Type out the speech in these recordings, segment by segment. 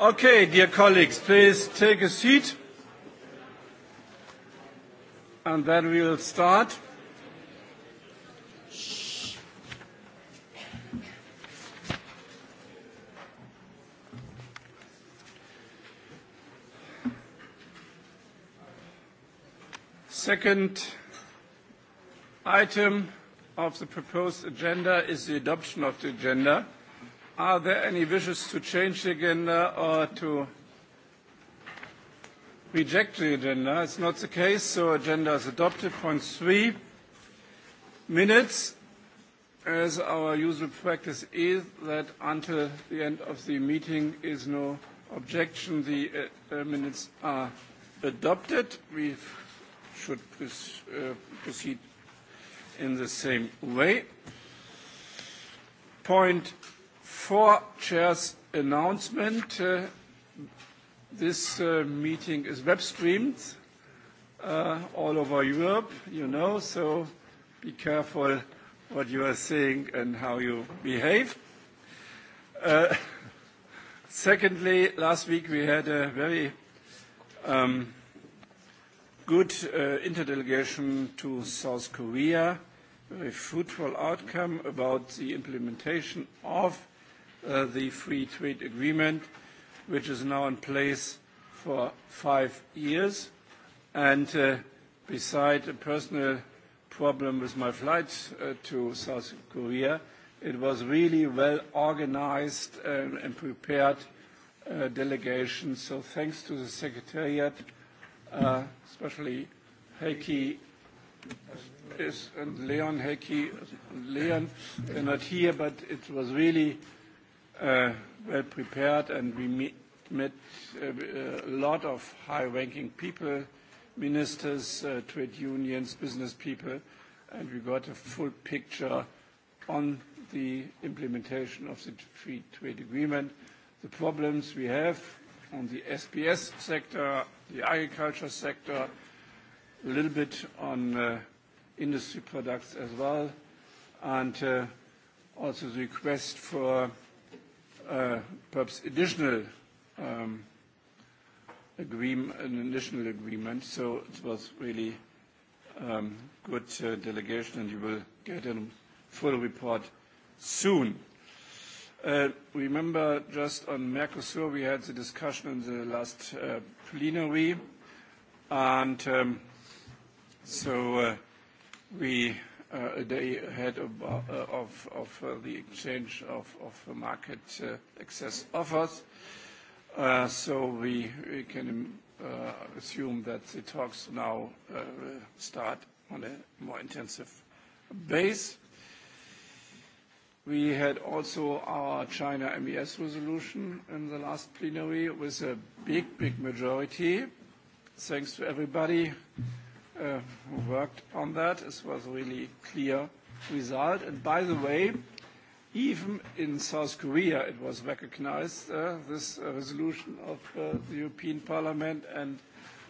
Okay, dear colleagues, please take a seat, and then we will start. Second item of the proposed agenda is the adoption of the agenda. Are there any wishes to change the agenda or to reject the agenda? It's not the case, so agenda is adopted. Point three, minutes. As our usual practice is that until the end of the meeting is no objection, the uh, uh minutes are adopted. We should uh, proceed in the same way. Point Before Chair's announcement, uh, this uh, meeting is web streamed uh, all over Europe, you know, so be careful what you are saying and how you behave. Uh, secondly, last week we had a very um, good uh, interdelegation to South Korea, very fruitful outcome about the implementation of uh, the free trade agreement, which is now in place for five years. And uh, beside a personal problem with my flight uh, to South Korea, it was really well organized uh, and prepared uh, delegation. So thanks to the Secretariat, uh, especially Heikki is, and Leon Heikki, Leon, they're not here, but it was really uh, well prepared, and we meet, met uh, a lot of high-ranking people, ministers, uh, trade unions, business people, and we got a full picture on the implementation of the free trade agreement, the problems we have on the SPS sector, the agriculture sector, a little bit on uh, industry products as well, and uh, also the request for uh, perhaps additional um, agreement, an additional agreement. So it was really um, good uh, delegation, and you will get a full report soon. Uh, remember, just on Mercosur, we had the discussion in the last uh, plenary, and um, so uh, we uh, a day ahead of, uh, of, of uh, the exchange of, of market uh, access offers. Uh, so we, we can uh, assume that the talks now uh, start on a more intensive base. We had also our China MES resolution in the last plenary with a big, big majority. Thanks to everybody uh, who worked on that. It was a really clear result. And by the way, even in South Korea, it was recognized, uh, this uh, resolution of uh, the European Parliament, and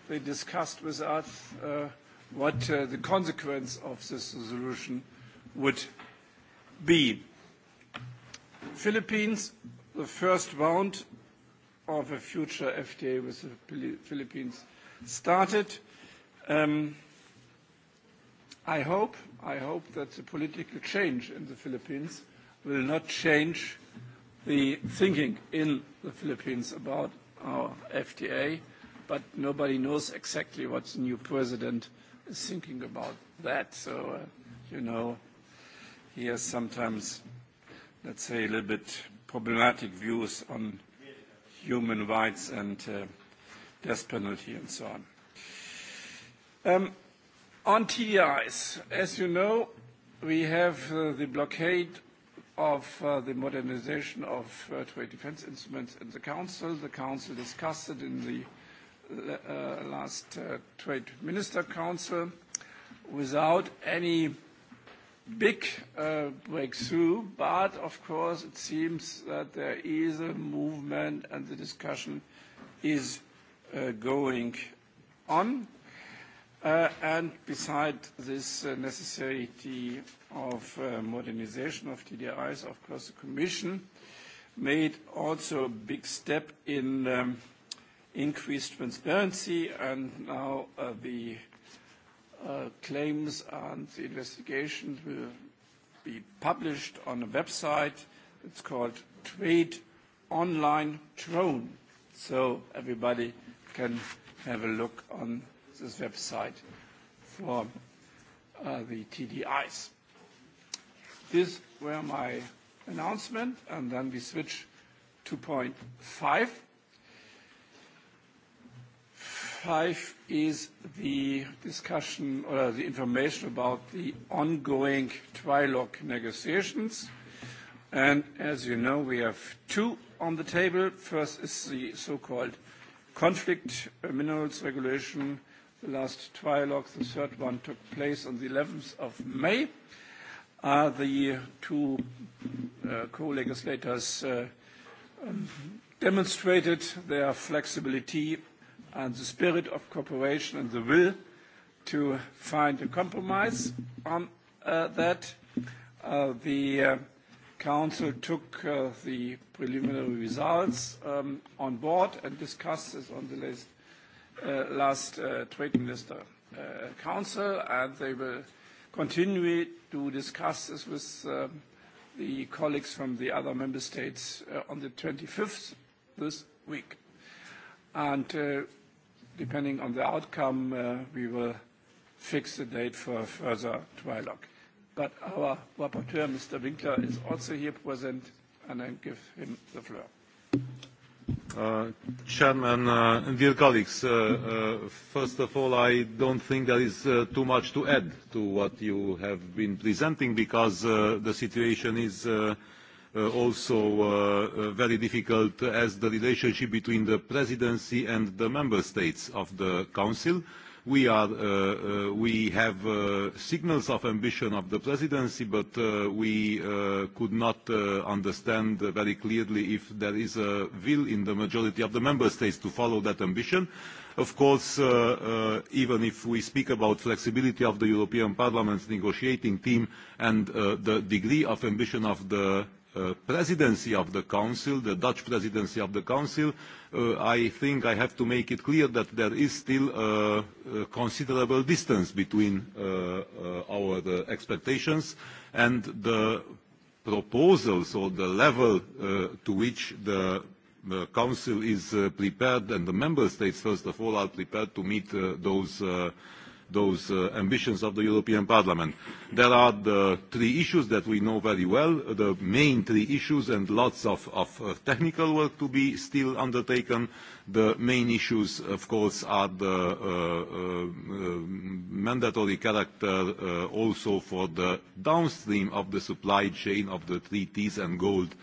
they discussed with us uh, what uh, the consequence of this resolution would be. Philippines, the first round of a future FTA with the Philippines started. Uh, Um, I hope, I hope that the political change in the Philippines will not change the thinking in the Philippines about our FTA, but nobody knows exactly what the new president is thinking about that. So, uh, you know, he has sometimes, let's say, a little bit problematic views on human rights and uh, death penalty and so on. Um, on TDIs, e as you know, we have uh, the blockade of uh, the modernization of uh, trade defense instruments in the Council. The Council discussed it in the uh, last uh, Trade Minister Council without any big uh, breakthrough, but of course it seems that there is a movement and the discussion is uh, going on. Uh, and beside this uh, necessity of uh, modernization of TDIs, of course, the Commission made also a big step in um, increased transparency, and now uh, the uh, claims and the investigations will be published on a website. It's called Trade Online Drone, so everybody can have a look on this website for uh, the TDIs. These were my announcement, and then we switch to point five. Five is the discussion or the information about the ongoing trilogue negotiations. And as you know, we have two on the table. First is the so-called conflict uh, minerals regulation, The last trialogue, the third one, took place on the 11th of May. Uh, the two uh, co-legislators uh, um, demonstrated their flexibility and the spirit of cooperation and the will to find a compromise on uh, that. Uh, the uh, Council took uh, the preliminary results um, on board and discussed this on the latest uh, last uh, trade minister uh, council, and they will continue to discuss this with uh, the colleagues from the other member states uh, on the 25th this week. And uh, depending on the outcome, uh, we will fix the date for further dialogue. But our rapporteur, Mr. Winkler, is also here present, and I give him the floor. Uh, Chairman, uh, dear colleagues, uh, uh, first of all, I don't think there is uh, too much to add to what you have been presenting because uh, the situation is uh, uh, also uh, uh, very difficult as the relationship between the presidency and the member states of the Council. Uh, We, are, uh, uh, we have uh, signals of ambition of the presidency, but uh, we uh, could not uh, understand very clearly if there is a will in the majority of the member states to follow that ambition. Of course, uh, uh, even if we speak about flexibility of the European Parliament's negotiating team and uh, the degree of ambition of the uh, presidency of the Council, the Dutch presidency of the Council, uh, I think I have to make it clear that there is still a, uh, a uh, considerable distance between uh, uh, our uh, expectations and the proposals or the level uh, to which the the Council is uh, prepared and the Member States, first of all, are prepared to meet uh, those uh, those uh, ambitions of the European Parliament. There are the three issues that we know very well, uh, the main three issues and lots of, of uh, technical work to be still undertaken. The main issues, of course, are the uh, uh, uh, mandatory character uh, also for the downstream of the supply chain of the treaties and gold uh,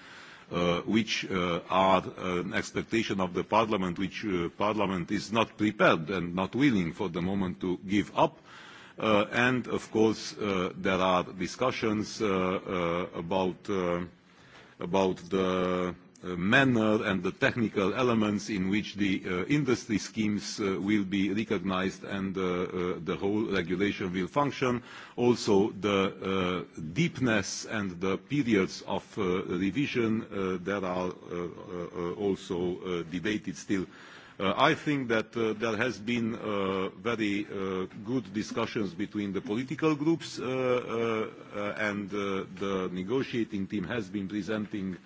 uh, which uh, are an expectation of the parliament, which uh, parliament is not prepared and not willing for the moment to give up. Uh, and of course, uh, there are discussions uh, uh, about uh, about the Uh, manner and the technical elements in which the uh, industry schemes uh, will be recognized and uh, uh, the whole regulation will function. Also, the uh, deepness and the periods of uh, revision uh, that are uh, uh, also uh, debated still. Uh, I think that uh, there has been uh, very uh, good discussions between the political groups uh, uh, and uh, the negotiating team has been presenting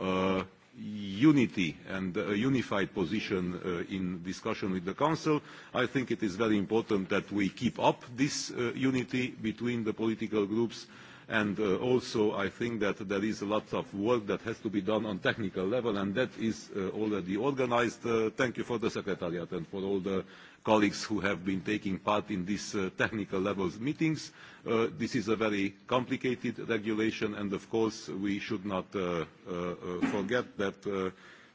uh, unity and a unified position uh, in discussion with the Council. I think it is very important that we keep up this uh, unity between the political groups and uh, also I think that there is a lot of work that has to be done on technical level and that is uh, already organized. Uh, thank you for the Secretariat and for all the colleagues who have been taking part in these uh, technical levels meetings. Uh, this is a very complicated regulation, and of course, we should not uh, uh, uh, forget that uh,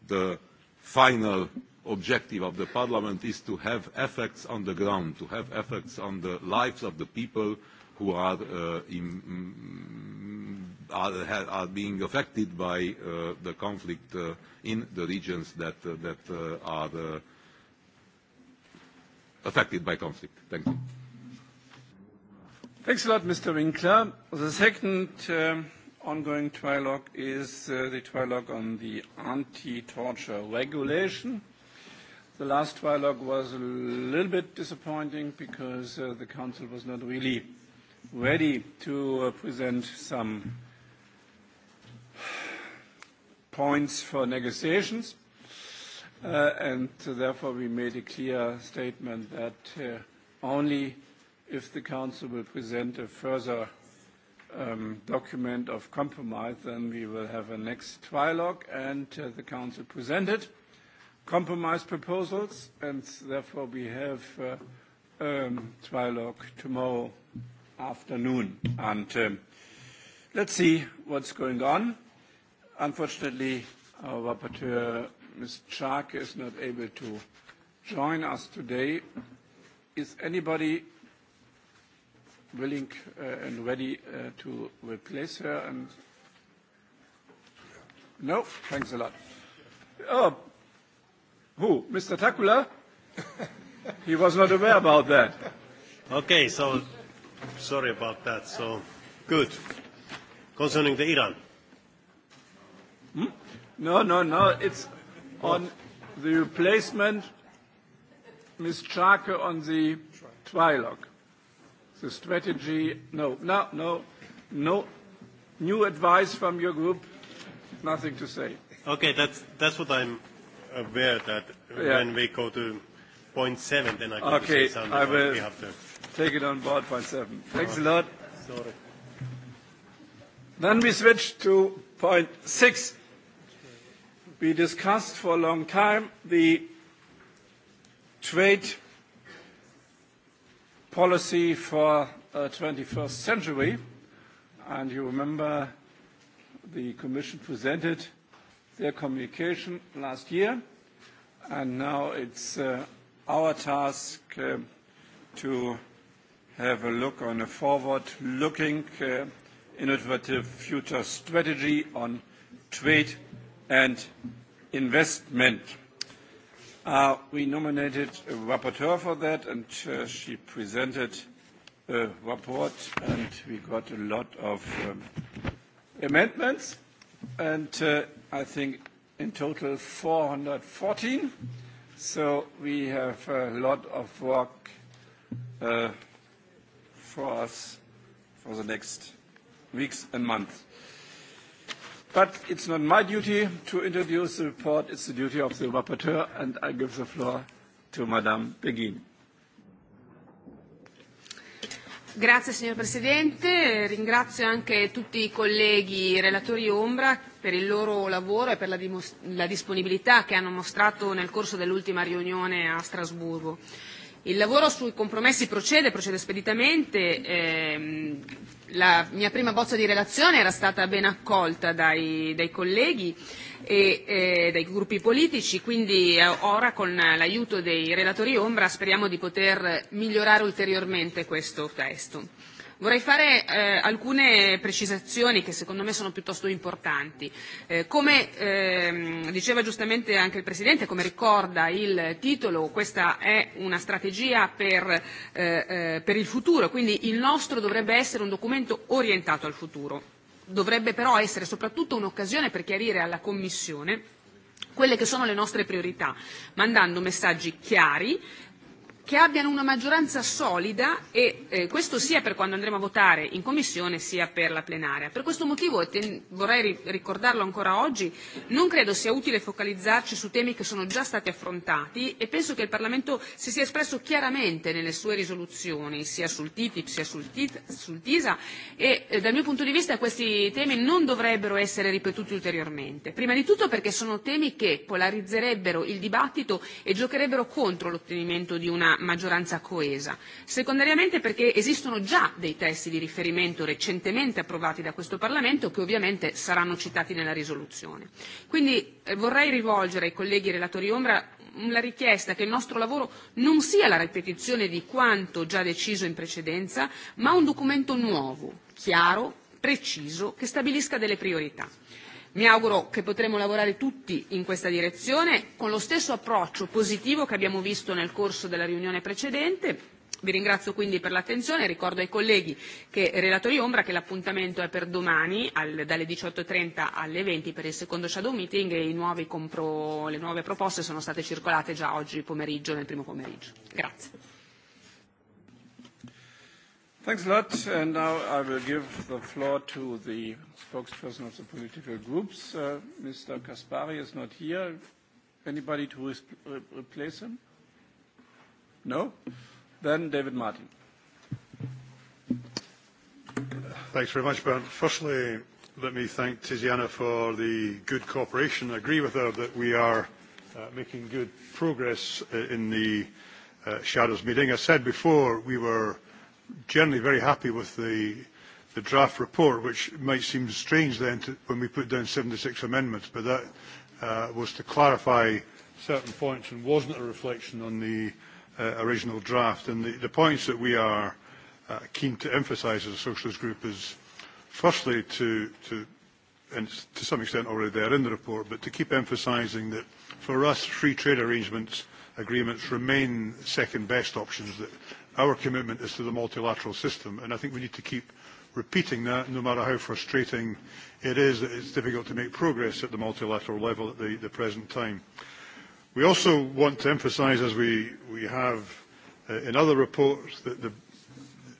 the final objective of the parliament is to have effects on the ground, to have effects on the lives of the people who are, uh, in, mm, are, are being affected by uh, the conflict uh, in the regions that, uh, that uh, are uh, affected by conflict. Thank you. Thanks a lot, Mr. Winkler. The second um, ongoing trilogue is uh, the trilogue on the anti-torture regulation. The last trilogue was a little bit disappointing because uh, the council was not really ready to uh, present some points for negotiations. Uh, and so therefore, we made a clear statement that uh, only if the council will present a further um, document of compromise, then we will have a next trilogue, and uh, the council presented compromise proposals, and therefore we have uh, um, trilogue tomorrow afternoon. And um, let's see what's going on. Unfortunately, our rapporteur Ms. Chark is not able to join us today. Is anybody willing uh, and ready uh, to replace her? And no, thanks a lot. Oh, who? Mr. Takula? he was not aware about that. Okay, so sorry about that. So good. Concerning the Iran. Hmm? No, no, no. It's on the replacement, Ms. Schaake on the trilogue. The strategy, no, no, no, no. New advice from your group, nothing to say. Okay, that's, that's what I'm aware that yeah. when we go to point seven, then I can okay, say something. I will have to. take it on board, point seven. Thanks oh, a lot. Sorry. Then we switch to point six we discussed for a long time the trade policy for uh, 21st century. And you remember the Commission presented their communication last year, and now it's uh, our task uh, to have a look on a forward-looking, uh, innovative future strategy on trade and investment. Uh, we nominated a rapporteur for that, and uh, she presented a report, and we got a lot of um, amendments, and uh, I think in total 414. So we have a lot of work uh, for us for the next weeks and months. But it's not my duty to introduce the report, it's the duty of the rapporteur, and I give the floor to Madame Beghin. Grazie signor Presidente, ringrazio anche tutti i colleghi relatori Ombra per il loro lavoro e per la, dimos- la disponibilità che hanno mostrato nel corso dell'ultima riunione a Strasburgo. Il lavoro sui compromessi procede, procede speditamente. Ehm, la mia prima bozza di relazione era stata ben accolta dai, dai colleghi e eh, dai gruppi politici, quindi eh, ora con l'aiuto dei relatori ombra speriamo di poter migliorare ulteriormente questo testo. Vorrei fare eh, alcune precisazioni che secondo me sono piuttosto importanti. Eh, come ehm, diceva giustamente anche il Presidente, come ricorda il titolo, questa è una strategia per, eh, eh, per il futuro, quindi il nostro dovrebbe essere un documento orientato al futuro. Dovrebbe però essere soprattutto un'occasione per chiarire alla Commissione quelle che sono le nostre priorità, mandando messaggi chiari che abbiano una maggioranza solida e eh, questo sia per quando andremo a votare in Commissione sia per la plenaria. Per questo motivo, e ten, vorrei ri- ricordarlo ancora oggi, non credo sia utile focalizzarci su temi che sono già stati affrontati e penso che il Parlamento si sia espresso chiaramente nelle sue risoluzioni, sia sul TTIP sia sul, TIT, sul TISA e eh, dal mio punto di vista questi temi non dovrebbero essere ripetuti ulteriormente. Prima di tutto perché sono temi che polarizzerebbero il dibattito e giocherebbero contro l'ottenimento di una maggioranza coesa. Secondariamente perché esistono già dei testi di riferimento recentemente approvati da questo Parlamento che ovviamente saranno citati nella risoluzione. Quindi eh, vorrei rivolgere ai colleghi relatori ombra la richiesta che il nostro lavoro non sia la ripetizione di quanto già deciso in precedenza, ma un documento nuovo, chiaro, preciso, che stabilisca delle priorità. Mi auguro che potremo lavorare tutti in questa direzione con lo stesso approccio positivo che abbiamo visto nel corso della riunione precedente Vi ringrazio quindi per l'attenzione e ricordo ai colleghi che, relatori ombra che l'appuntamento è per domani al, dalle 18.30 e alle 20 per il secondo shadow meeting e i nuovi compro, le nuove proposte sono state circolate già oggi pomeriggio, nel primo pomeriggio. Grazie. Thanks a lot. And now I will give the floor to the spokesperson of the political groups. Uh, Mr. Kaspari is not here. Anybody to re re replace him? No? Then David Martin. Thanks very much, Bernd. Firstly, let me thank Tiziana for the good cooperation. I agree with her that we are uh, making good progress uh, in the uh, shadows meeting. I said before we were uh, generally very happy with the, the draft report, which might seem strange then to, when we put down 76 amendments, but that uh, was to clarify certain points and wasn't a reflection on the uh, original draft. And the, the points that we are uh, keen to emphasise as a socialist group is, firstly, to, to, and it's to some extent already there in the report, but to keep emphasising that for us, free trade arrangements agreements remain second best options that Our commitment is to the multilateral system, and I think we need to keep repeating that, no matter how frustrating it is that it's difficult to make progress at the multilateral level at the, the present time. We also want to emphasise, as we, we have uh, in other reports, that, the,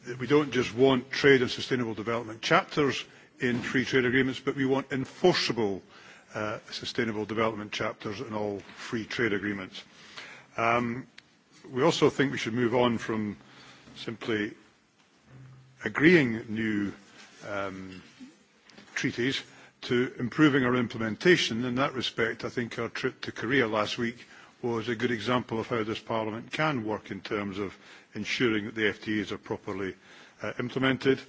that we don't just want trade and sustainable development chapters in free trade agreements, but we want enforceable uh, sustainable development chapters in all free trade agreements. Um, we also think we should move on from simply agreeing new um, treaties to improving our implementation. In that respect, I think our trip to Korea last week was a good example of how this Parliament can work in terms of ensuring that the FTAs are properly uh, implemented.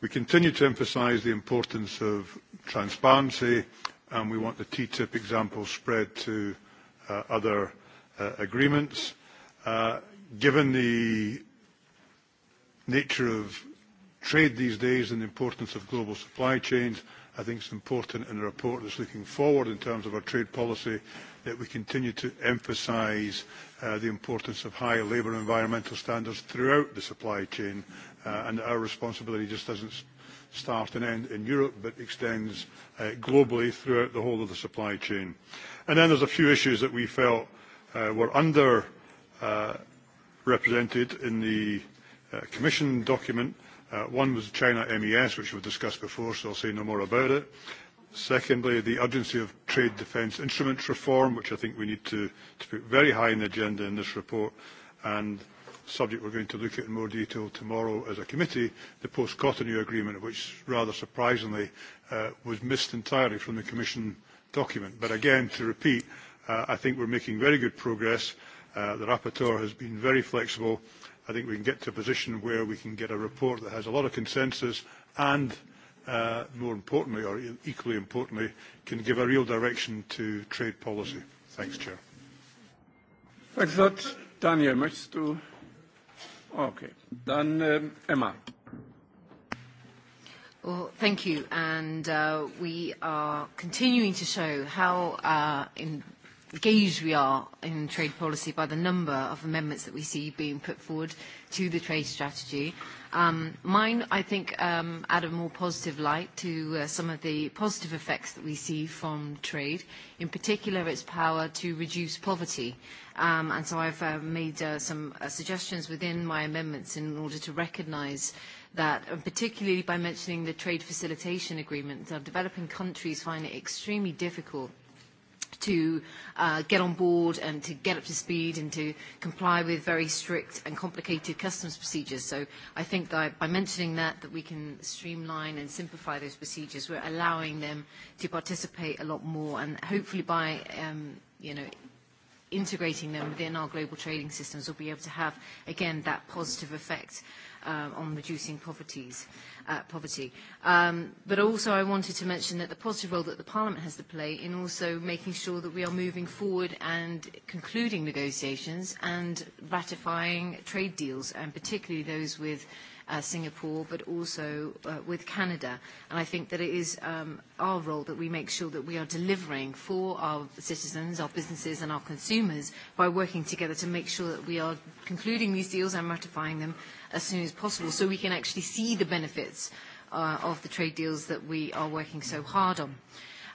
We continue to emphasise the importance of transparency, and we want the TTIP example spread to uh, other uh, agreements. Uh, given the nature of trade these days and the importance of global supply chains, I think it's important in a report that's looking forward in terms of our trade policy that we continue to emphasise uh, the importance of high labour and environmental standards throughout the supply chain uh, and our responsibility just doesn't start and end in Europe but extends uh, globally throughout the whole of the supply chain. And then there's a few issues that we felt uh, were under uh, represented in the uh, Commission document. Uh, one was China MES, which we've discussed before, so I'll say no more about it. Secondly, the urgency of trade defence instruments reform, which I think we need to, to put very high on the agenda in this report. And subject we're going to look at in more detail tomorrow as a committee, the post-Cotonou agreement, which rather surprisingly uh, was missed entirely from the Commission document. But again, to repeat, uh, I think we're making very good progress. Uh, Uh, the rapporteur has been very flexible. I think we can get to a position where we can get a report that has a lot of consensus and, uh, more importantly, or e-, equally importantly, can give a real direction to trade policy. Thanks, Chair. Thanks a lot. Daniel, möchtest du? Okay. Dann ähm, um, Emma. Well, thank you. And uh, we are continuing to show how uh, in gauged we are in trade policy by the number of amendments that we see being put forward to the trade strategy. Um, mine, I think, um, add a more positive light to uh, some of the positive effects that we see from trade, in particular its power to reduce poverty. Um, and so I've uh, made uh, some uh, suggestions within my amendments in order to recognise that, and particularly by mentioning the trade facilitation agreement, uh, developing countries find it extremely difficult – to uh, get on board and to get up to speed and to comply with very strict and complicated customs procedures. So I think that by mentioning that, that we can streamline and simplify those procedures. We're allowing them to participate a lot more and hopefully by um, you know, integrating them within our global trading systems, we'll be able to have, again, that positive effect. Uh, uh, on reducing poverties, uh, poverty. Um, but also I wanted to mention that the positive role that the Parliament has to play in also making sure that we are moving forward and concluding negotiations and ratifying trade deals, and particularly those with uh, Singapore, but also uh, with Canada. And I think that it is um, our role that we make sure that we are delivering for our citizens, our businesses, and our consumers by working together to make sure that we are concluding these deals and ratifying them as soon as possible so we can actually see the benefits uh, of the trade deals that we are working so hard on.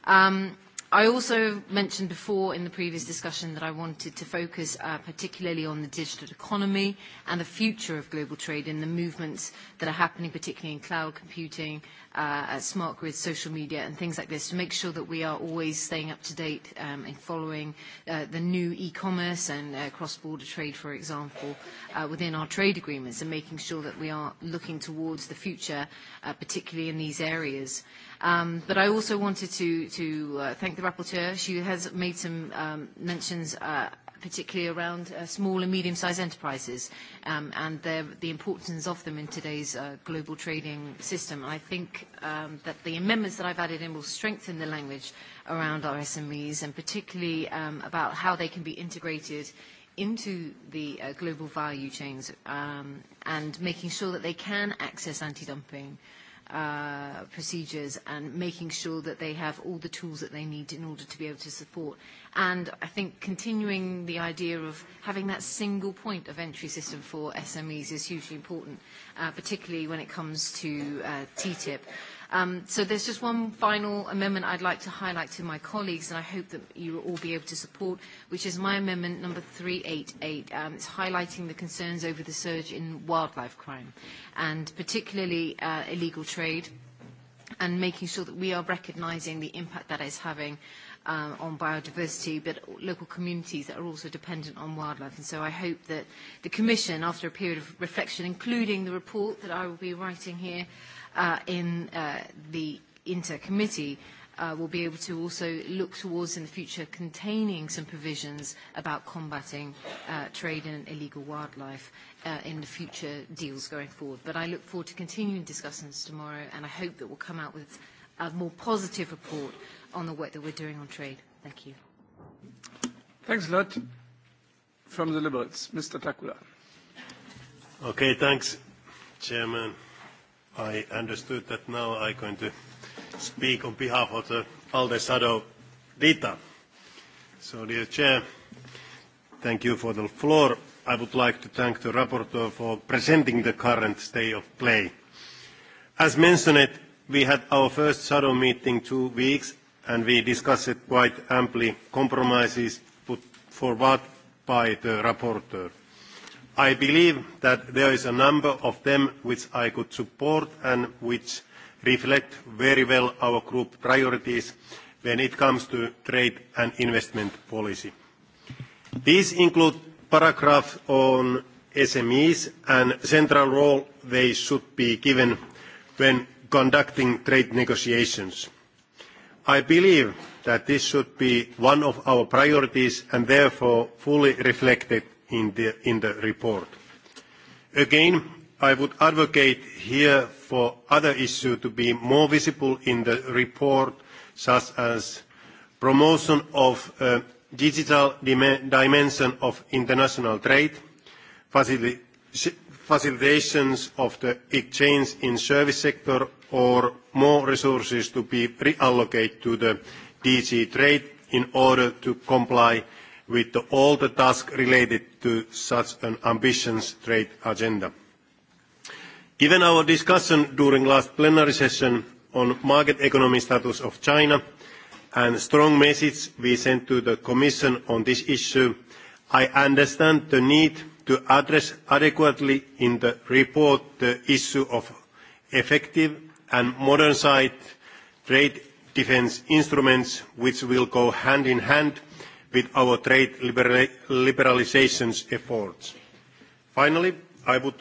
Um, I also mentioned before in the previous discussion that I wanted to focus uh, particularly on the digital economy and the future of global trade and the movements that are happening, particularly in cloud computing, uh, smart grids, social media, and things like this, to make sure that we are always staying up to date um, and following uh, the new e-commerce and uh, cross-border trade, for example, uh, within our trade agreements, and making sure that we are looking towards the future, uh, particularly in these areas. Uh, Um, but I also wanted to, to uh, thank the rapporteur. She has made some um, mentions uh, particularly around uh, small and medium-sized enterprises um, and their, the importance of them in today's uh, global trading system. And I think um, that the amendments that I've added in will strengthen the language around our SMEs and particularly um, about how they can be integrated into the uh, global value chains um, and making sure that they can access anti-dumping uh, uh, procedures and making sure that they have all the tools that they need in order to be able to support. And I think continuing the idea of having that single point of entry system for SMEs is hugely important, uh, particularly when it comes to uh, TTIP. Um, so there's just one final amendment I'd like to highlight to my colleagues, and I hope that you will all be able to support, which is my amendment number 388. Um, it's highlighting the concerns over the surge in wildlife crime, and particularly uh, illegal trade, and making sure that we are recognizing the impact that is having um, on biodiversity, but local communities that are also dependent on wildlife. And so I hope that the Commission, after a period of reflection, including the report that I will be writing here, uh, in uh, the intercommittee uh, will be able to also look towards in the future containing some provisions about combating uh, trade in illegal wildlife uh, in the future deals going forward. But I look forward to continuing discussions tomorrow, and I hope that we'll come out with a more positive report on the work that we're doing on trade. Thank you. Thanks a lot. From the Liberals, Mr. Takula. Okay, thanks, Chairman. I understood that now I'm going to speak on behalf of the ALDE shadow, Dita. So, dear Chair, thank you for the floor. I would like to thank the rapporteur for presenting the current state of play. As mentioned, we had our first shadow meeting two weeks, and we discussed quite amply compromises put forward by the rapporteur. I believe that there is a number of them which I could support and which reflect very well our group priorities when it comes to trade and investment policy. These include paragraph on SMEs and central role they should be given when conducting trade negotiations. I believe that this should be one of our priorities and therefore fully reflected in the, in the report. Again, I would advocate here for other issues to be more visible in the report, such as promotion of uh, digital dim dimension of international trade, facil facilitations of the exchange in service sector, or more resources to be reallocated to the DG Trade in order to comply with all the tasks related to such an ambitious trade agenda. Given our discussion during last plenary session on market economy status of China and strong message we sent to the Commission on this issue, I understand the need to address adequately in the report the issue of effective and modern side trade defense instruments, which will go hand in hand with our trade libera liberalizations efforts. Finally, I would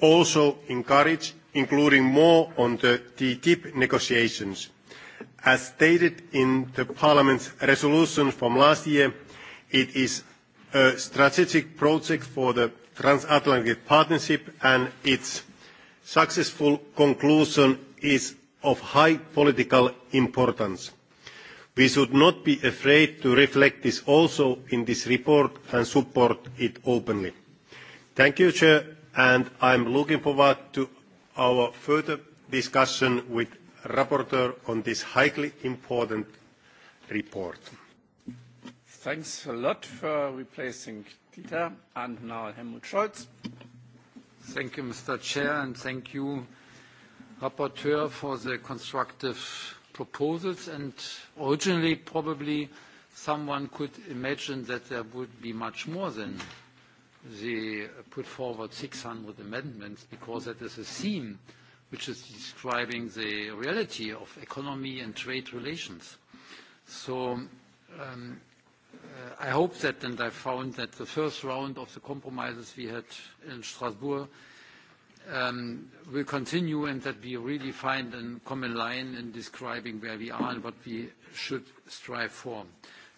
also encourage including more on the TTIP negotiations. As stated in the Parliament's resolution from last year, it is a strategic project for the transatlantic partnership, and its successful conclusion is of high political importance. We should not be afraid to reflect this also in this report and support it openly. Thank you, Chair, and I'm looking forward to our further discussion with rapporteur on this highly important report. Thanks a lot for replacing Dieter. And now Helmut Scholz. Thank you, Mr. Chair, and thank you, rapporteur, for the constructive proposals and originally probably someone could imagine that there would be much more than the put forward 600 amendments because that is a theme which is describing the reality of economy and trade relations. So um, uh, I hope that and I found that the first round of the compromises we had in Strasbourg um, will continue and that we really find a common line in describing where we are and what we should strive for.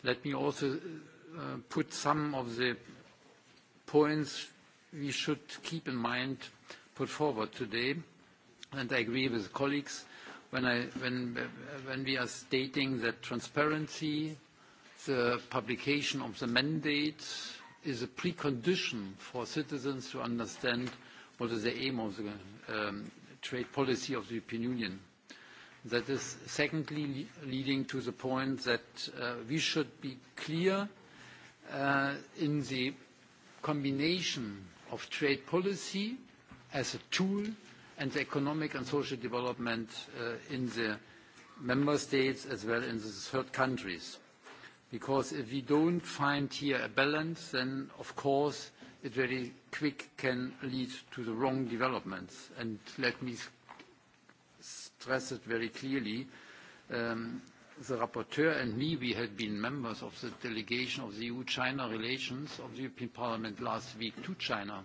Let me also uh, put some of the points we should keep in mind put forward today, and I agree with colleagues when, I, when, when we are stating that transparency, the publication of the mandate is a precondition for citizens to understand was the aim of the um, trade policy of the European Union. That is secondly leading to the point that uh, we should be clear uh, in the combination of trade policy as a tool and the economic and social development uh, in the member states as well in the third countries. Because if we don't find here a balance, then of course it very quick can lead to the wrong developments. And let me stress it very clearly. Um, the rapporteur and me, we had been members of the delegation of the EU-China relations of the European Parliament last week to China,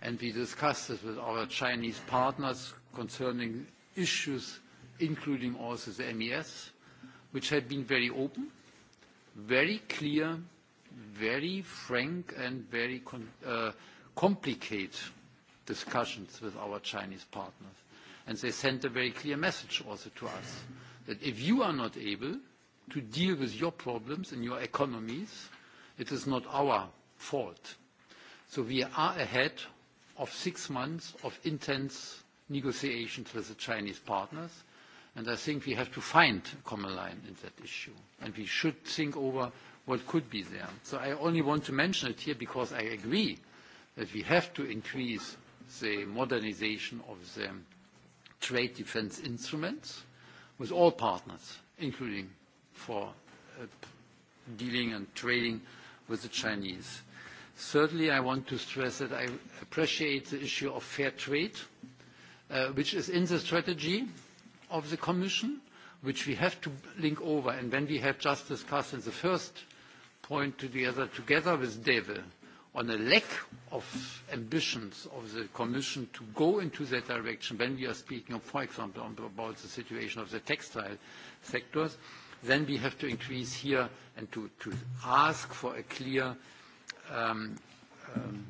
and we discussed this with our Chinese partners concerning issues, including also the MES, which had been very open, very clear, very frank and very con uh, complicate discussions with our Chinese partners. And they sent a very clear message also to us that if you are not able to deal with your problems in your economies, it is not our fault. So we are ahead of six months of intense negotiations with the Chinese partners, and I think we have to find a common line in that issue. And we should think over what could be there. So I only want to mention it here because I agree that we have to increase the modernization of the trade defense instruments with all partners, including for uh, dealing and trading with the Chinese. Thirdly, I want to stress that I appreciate the issue of fair trade, uh, which is in the strategy of the Commission, which we have to link over. And when we have just discussed in the first point to the other together with Deve on a lack of ambitions of the Commission to go into that direction when we are speaking, of, for example, about the situation of the textile sectors, then we have to increase here and to, to ask for a clear um, um,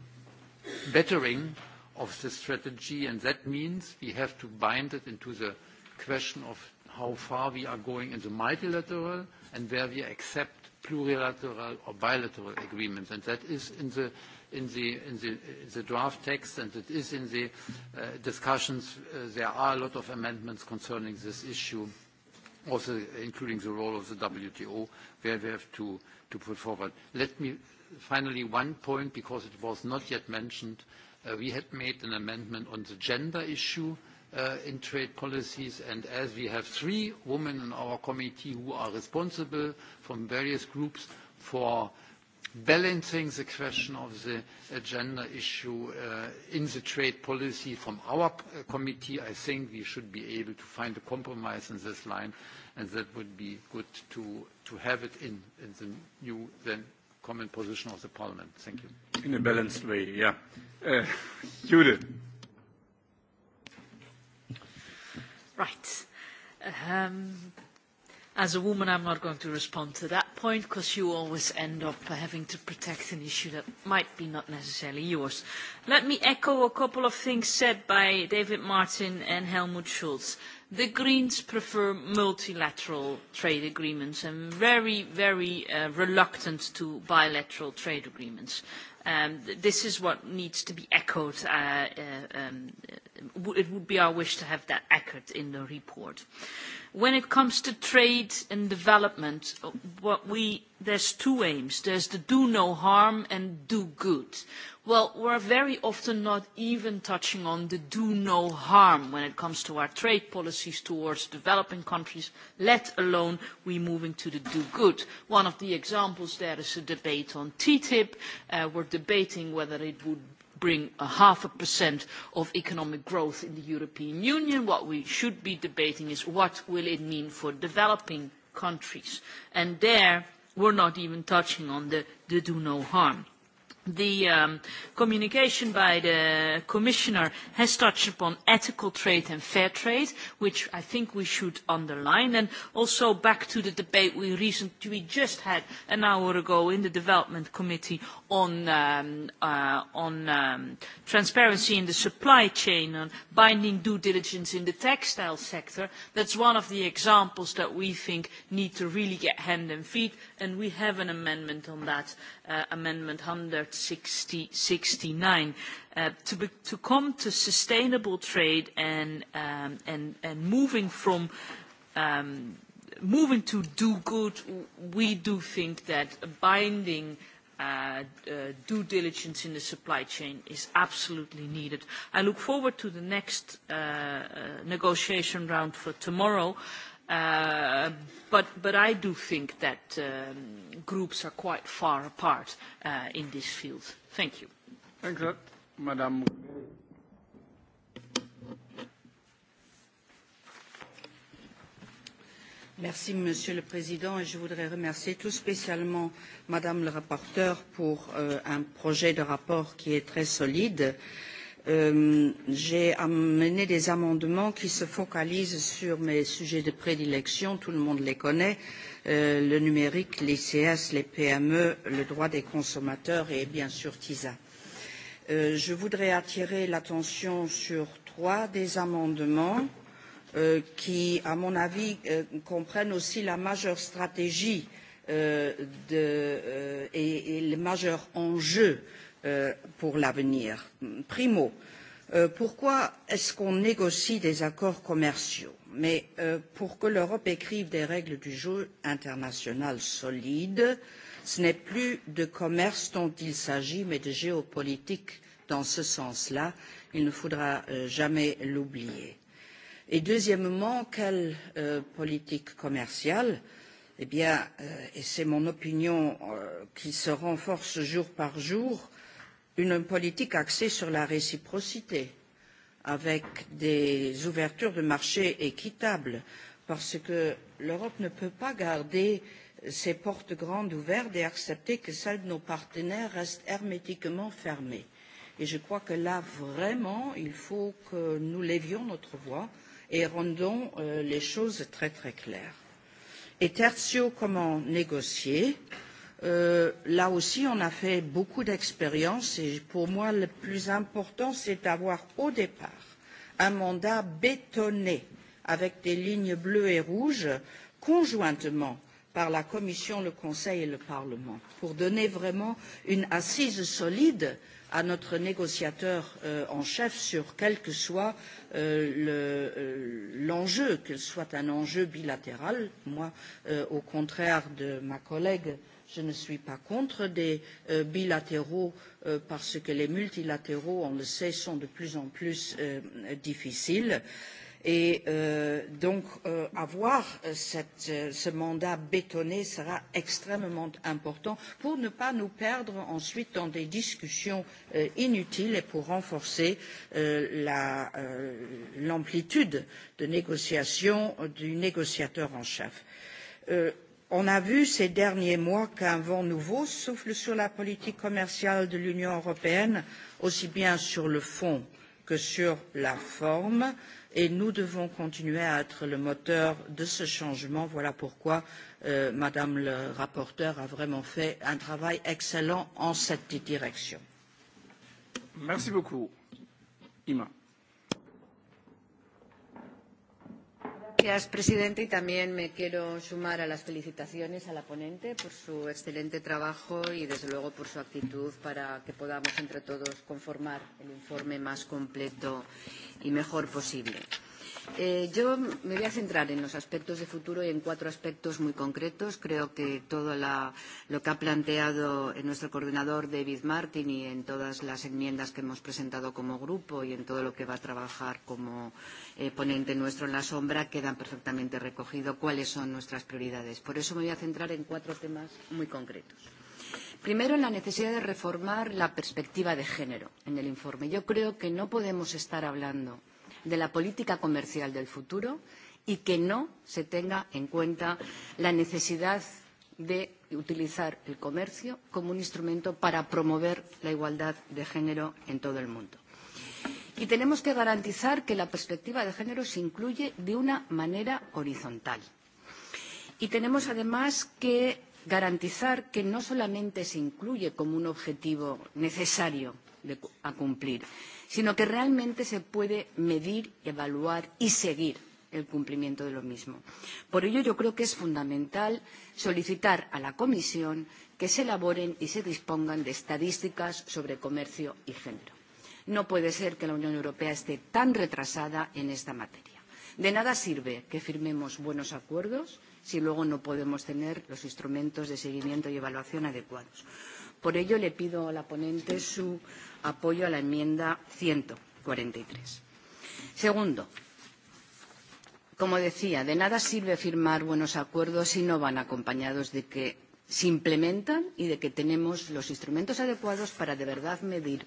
bettering of the strategy, and that means we have to bind it into the question of how far we are going into multilateral and where we accept plurilateral or bilateral agreements. And that is in the, in the, in the, in the draft text and it is in the uh, discussions. Uh, there are a lot of amendments concerning this issue, also including the role of the WTO, where we have to, to put forward. Let me finally one point, because it was not yet mentioned. Uh, we had made an amendment on the gender issue. Uh, uh, in trade policies. And as we have three women in our committee who are responsible from various groups for balancing the question of the gender issue uh, in the trade policy from our uh, committee, I think we should be able to find a compromise in this line, and that would be good to, to have it in, in the new then common position of the parliament. Thank you. In a balanced way, yeah. Uh, Judith. Right. Um, as a woman, I'm not going to respond to that point because you always end up having to protect an issue that might be not necessarily yours. Let me echo a couple of things said by David Martin and Helmut Schulz. The Greens prefer multilateral trade agreements and very, very uh, reluctant to bilateral trade agreements. Uh, Um, this is what needs to be echoed. Uh, uh, um, it would be our wish to have that echoed in the report. When it comes to trade and development, uh, what we, there's two aims. There's the do no harm and do good well, we're very often not even touching on the do no harm when it comes to our trade policies towards developing countries, let alone we moving to the do good. One of the examples there is a debate on TTIP. Uh, we're debating whether it would bring a half a percent of economic growth in the European Union. What we should be debating is what will it mean for developing countries. And there, we're not even touching on the, the do no harm the um, communication by the commissioner has touched upon ethical trade and fair trade, which I think we should underline. And also back to the debate we, recent, we just had an hour ago in the development committee on, um, uh, on um, transparency in the supply chain and binding due diligence in the textile sector. That's one of the examples that we think need to really get hand and feet and we have an amendment on that, uh, Amendment 169, uh, to, be, to come to sustainable trade and, um, and, and moving from um, moving to do good, we do think that binding Uh, uh, due diligence in the supply chain is absolutely needed. I look forward to the next uh, uh, negotiation round for tomorrow. Uh, Uh, but, but I do think that um, groups are quite far apart uh, in this field. Thank you. Thanks a lot, Madame. Merci, Monsieur le Président, et je voudrais remercier tout spécialement Madame le rapporteur pour euh, un projet de rapport qui est très solide. Euh, Euh, J'ai amené des amendements qui se focalisent sur mes sujets de prédilection, tout le monde les connaît, euh, le numérique, les CS, les PME, le droit des consommateurs et bien sûr TISA. Euh, je voudrais attirer l'attention sur trois des amendements euh, qui, à mon avis, euh, comprennent aussi la majeure stratégie euh, de, euh, et, et les majeurs enjeux euh, euh, pour l'avenir. Primo, euh, pourquoi est-ce qu'on négocie des accords commerciaux Mais euh, pour que l'Europe écrive des règles du jeu international solides, ce n'est plus de commerce dont il s'agit, mais de géopolitique dans ce sens-là. Il ne faudra euh, jamais l'oublier. Et deuxièmement, quelle euh, politique commerciale Eh bien, euh, et c'est mon opinion euh, qui se renforce jour par jour, une politique axée sur la réciprocité, avec des ouvertures de marché équitables, parce que l'Europe ne peut pas garder ses portes grandes ouvertes et accepter que celles de nos partenaires restent hermétiquement fermées. Et je crois que là, vraiment, il faut que nous lévions notre voix et rendons euh, les choses très très claires. Et tertio, comment négocier euh, Euh, là aussi, on a fait beaucoup d'expériences et pour moi, le plus important, c'est d'avoir au départ un mandat bétonné avec des lignes bleues et rouges conjointement par la Commission, le Conseil et le Parlement pour donner vraiment une assise solide à notre négociateur euh, en chef sur quel que soit euh, l'enjeu, le, euh, que ce soit un enjeu bilatéral. Moi, euh, au contraire de ma collègue euh, je ne suis pas contre des euh, bilatéraux euh, parce que les multilatéraux, on le sait, sont de plus en plus euh, difficiles. Et euh, donc, euh, avoir cette, euh, ce mandat bétonné sera extrêmement important pour ne pas nous perdre ensuite dans des discussions euh, inutiles et pour renforcer euh, l'amplitude la, euh, de négociation du négociateur en chef. Euh, on a vu ces derniers mois qu'un vent nouveau souffle sur la politique commerciale de l'union européenne aussi bien sur le fond que sur la forme et nous devons continuer à être le moteur de ce changement. voilà pourquoi euh, madame la rapporteure a vraiment fait un travail excellent en cette direction. merci beaucoup. Ima. Gracias, presidente. Y también me quiero sumar a las felicitaciones a la ponente por su excelente trabajo y, desde luego, por su actitud para que podamos entre todos conformar el informe más completo y mejor posible. Eh, Eh, yo me voy a centrar en los aspectos de futuro y en cuatro aspectos muy concretos. Creo que todo la, lo que ha planteado nuestro coordinador David Martin y en todas las enmiendas que hemos presentado como grupo y en todo lo que va a trabajar como eh, ponente nuestro en la sombra quedan perfectamente recogido cuáles son nuestras prioridades. Por eso me voy a centrar en cuatro temas muy concretos. Primero, en la necesidad de reformar la perspectiva de género en el informe. Yo creo que no podemos estar hablando de la política comercial del futuro y que no se tenga en cuenta la necesidad de utilizar el comercio como un instrumento para promover la igualdad de género en todo el mundo. Y tenemos que garantizar que la perspectiva de género se incluye de una manera horizontal. Y tenemos además que garantizar que no solamente se incluye como un objetivo necesario de, a cumplir, sino que realmente se puede medir, evaluar y seguir el cumplimiento de lo mismo. Por ello, yo creo que es fundamental solicitar a la Comisión que se elaboren y se dispongan de estadísticas sobre comercio y género. No puede ser que la Unión Europea esté tan retrasada en esta materia. De nada sirve que firmemos buenos acuerdos si luego no podemos tener los instrumentos de seguimiento y evaluación adecuados. Por ello, le pido a la ponente su apoyo a la enmienda 143. Segundo, como decía, de nada sirve firmar buenos acuerdos si no van acompañados de que se implementan y de que tenemos los instrumentos adecuados para de verdad medir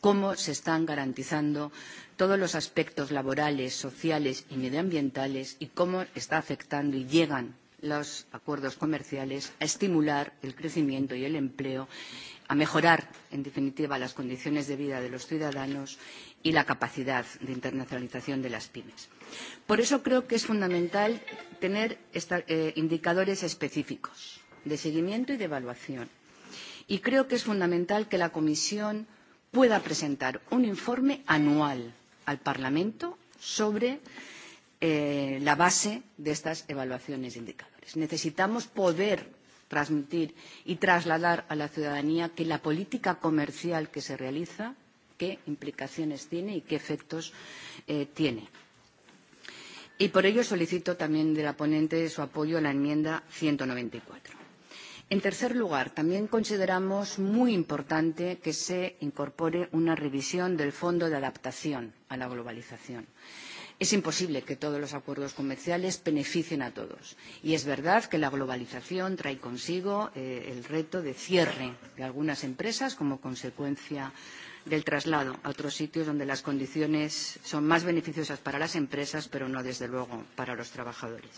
cómo se están garantizando todos los aspectos laborales, sociales y medioambientales y cómo está afectando y llegan los acuerdos comerciales a estimular el crecimiento y el empleo a mejorar, en definitiva, las condiciones de vida de los ciudadanos y la capacidad de internacionalización de las pymes. Por eso creo que es fundamental tener esta, eh, indicadores específicos de seguimiento y de evaluación. Y creo que es fundamental que la Comisión pueda presentar un informe anual al Parlamento sobre eh, la base de estas evaluaciones de indicadores. Necesitamos poder transmitir y trasladar a la ciudadanía que la política comercial que se realiza, qué implicaciones tiene y qué efectos eh, tiene. Y por ello solicito también de la ponente su apoyo a la enmienda 194. En tercer lugar, también consideramos muy importante que se incorpore una revisión del Fondo de Adaptación a la Globalización. Eh, Es imposible que todos los acuerdos comerciales beneficien a todos. Y es verdad que la globalización trae consigo eh, el reto de cierre de algunas empresas como consecuencia del traslado a otros sitios donde las condiciones son más beneficiosas para las empresas, pero no, desde luego, para los trabajadores.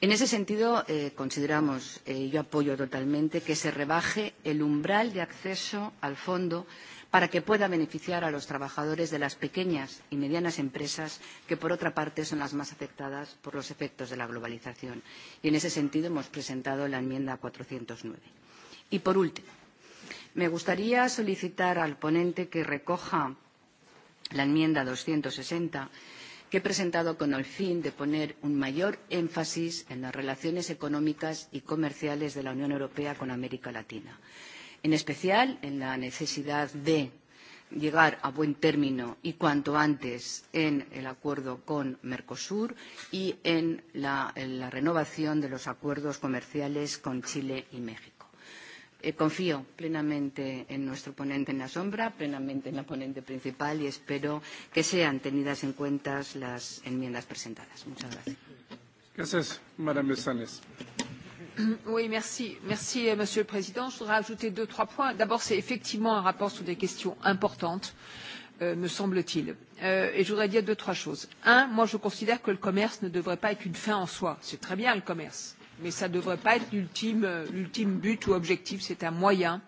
En ese sentido, eh, consideramos, eh, yo apoyo totalmente, que se rebaje el umbral de acceso al fondo para que pueda beneficiar a los trabajadores de las pequeñas y medianas empresas, que por otra parte son las más afectadas por los efectos de la globalización. Y en ese sentido hemos presentado la enmienda 409. Y por último, me gustaría solicitar al ponente que recoja la enmienda 260 que he presentado con el fin de poner un mayor énfasis en las relaciones económicas y comerciales de la Unión Europea con América Latina en especial en la necesidad de llegar a buen término y cuanto antes en el acuerdo con Mercosur y en la, en la renovación de los acuerdos comerciales con Chile y México. Eh, confío plenamente en nuestro ponente en la sombra, plenamente en la ponente principal y espero que sean tenidas en cuenta las enmiendas presentadas. Muchas gracias. Gracias, Madame Sanes. Oui, merci. Merci, euh, Monsieur le Président. Je voudrais ajouter deux, trois points. D'abord, c'est effectivement un rapport sur des questions importantes, euh, me semble-t-il. Euh, et je voudrais dire deux, trois choses. Un, moi, je considère que le commerce ne devrait pas être une fin en soi. C'est très bien, le commerce. Mais ça ne devrait pas être euh, l'ultime but ou objectif. C'est un moyen.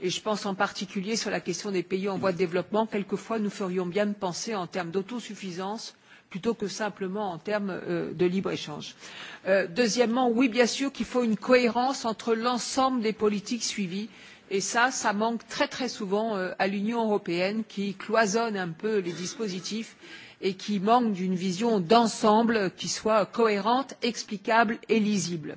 Et je pense en particulier sur la question des pays en voie de développement. Quelquefois, nous ferions bien de penser en termes d'autosuffisance plutôt que simplement en termes euh, de libre échange. Euh, deuxièmement oui bien sûr qu'il faut une cohérence entre l'ensemble des politiques suivies et ça, ça manque très très souvent euh, à l'Union européenne qui cloisonne un peu les dispositifs et qui manque d'une vision d'ensemble qui soit cohérente, explicable et lisible.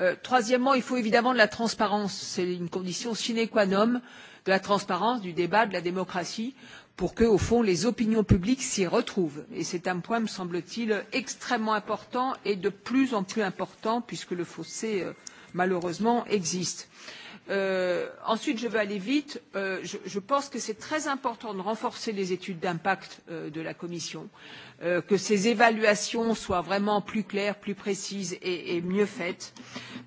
Euh, troisièmement, il faut évidemment de la transparence. C'est une condition sine qua non de la transparence, du débat, de la démocratie. Euh, pour que, au fond, les opinions publiques s'y retrouvent. Et c'est un point, me semble-t-il, extrêmement important et de plus en plus important puisque le fossé, euh, malheureusement, existe. Euh, ensuite, je vais aller vite. Euh, je, je pense que c'est très important de renforcer les études d'impact euh, de la Commission, euh, que ces évaluations soient vraiment plus claires, plus précises et, et mieux faites.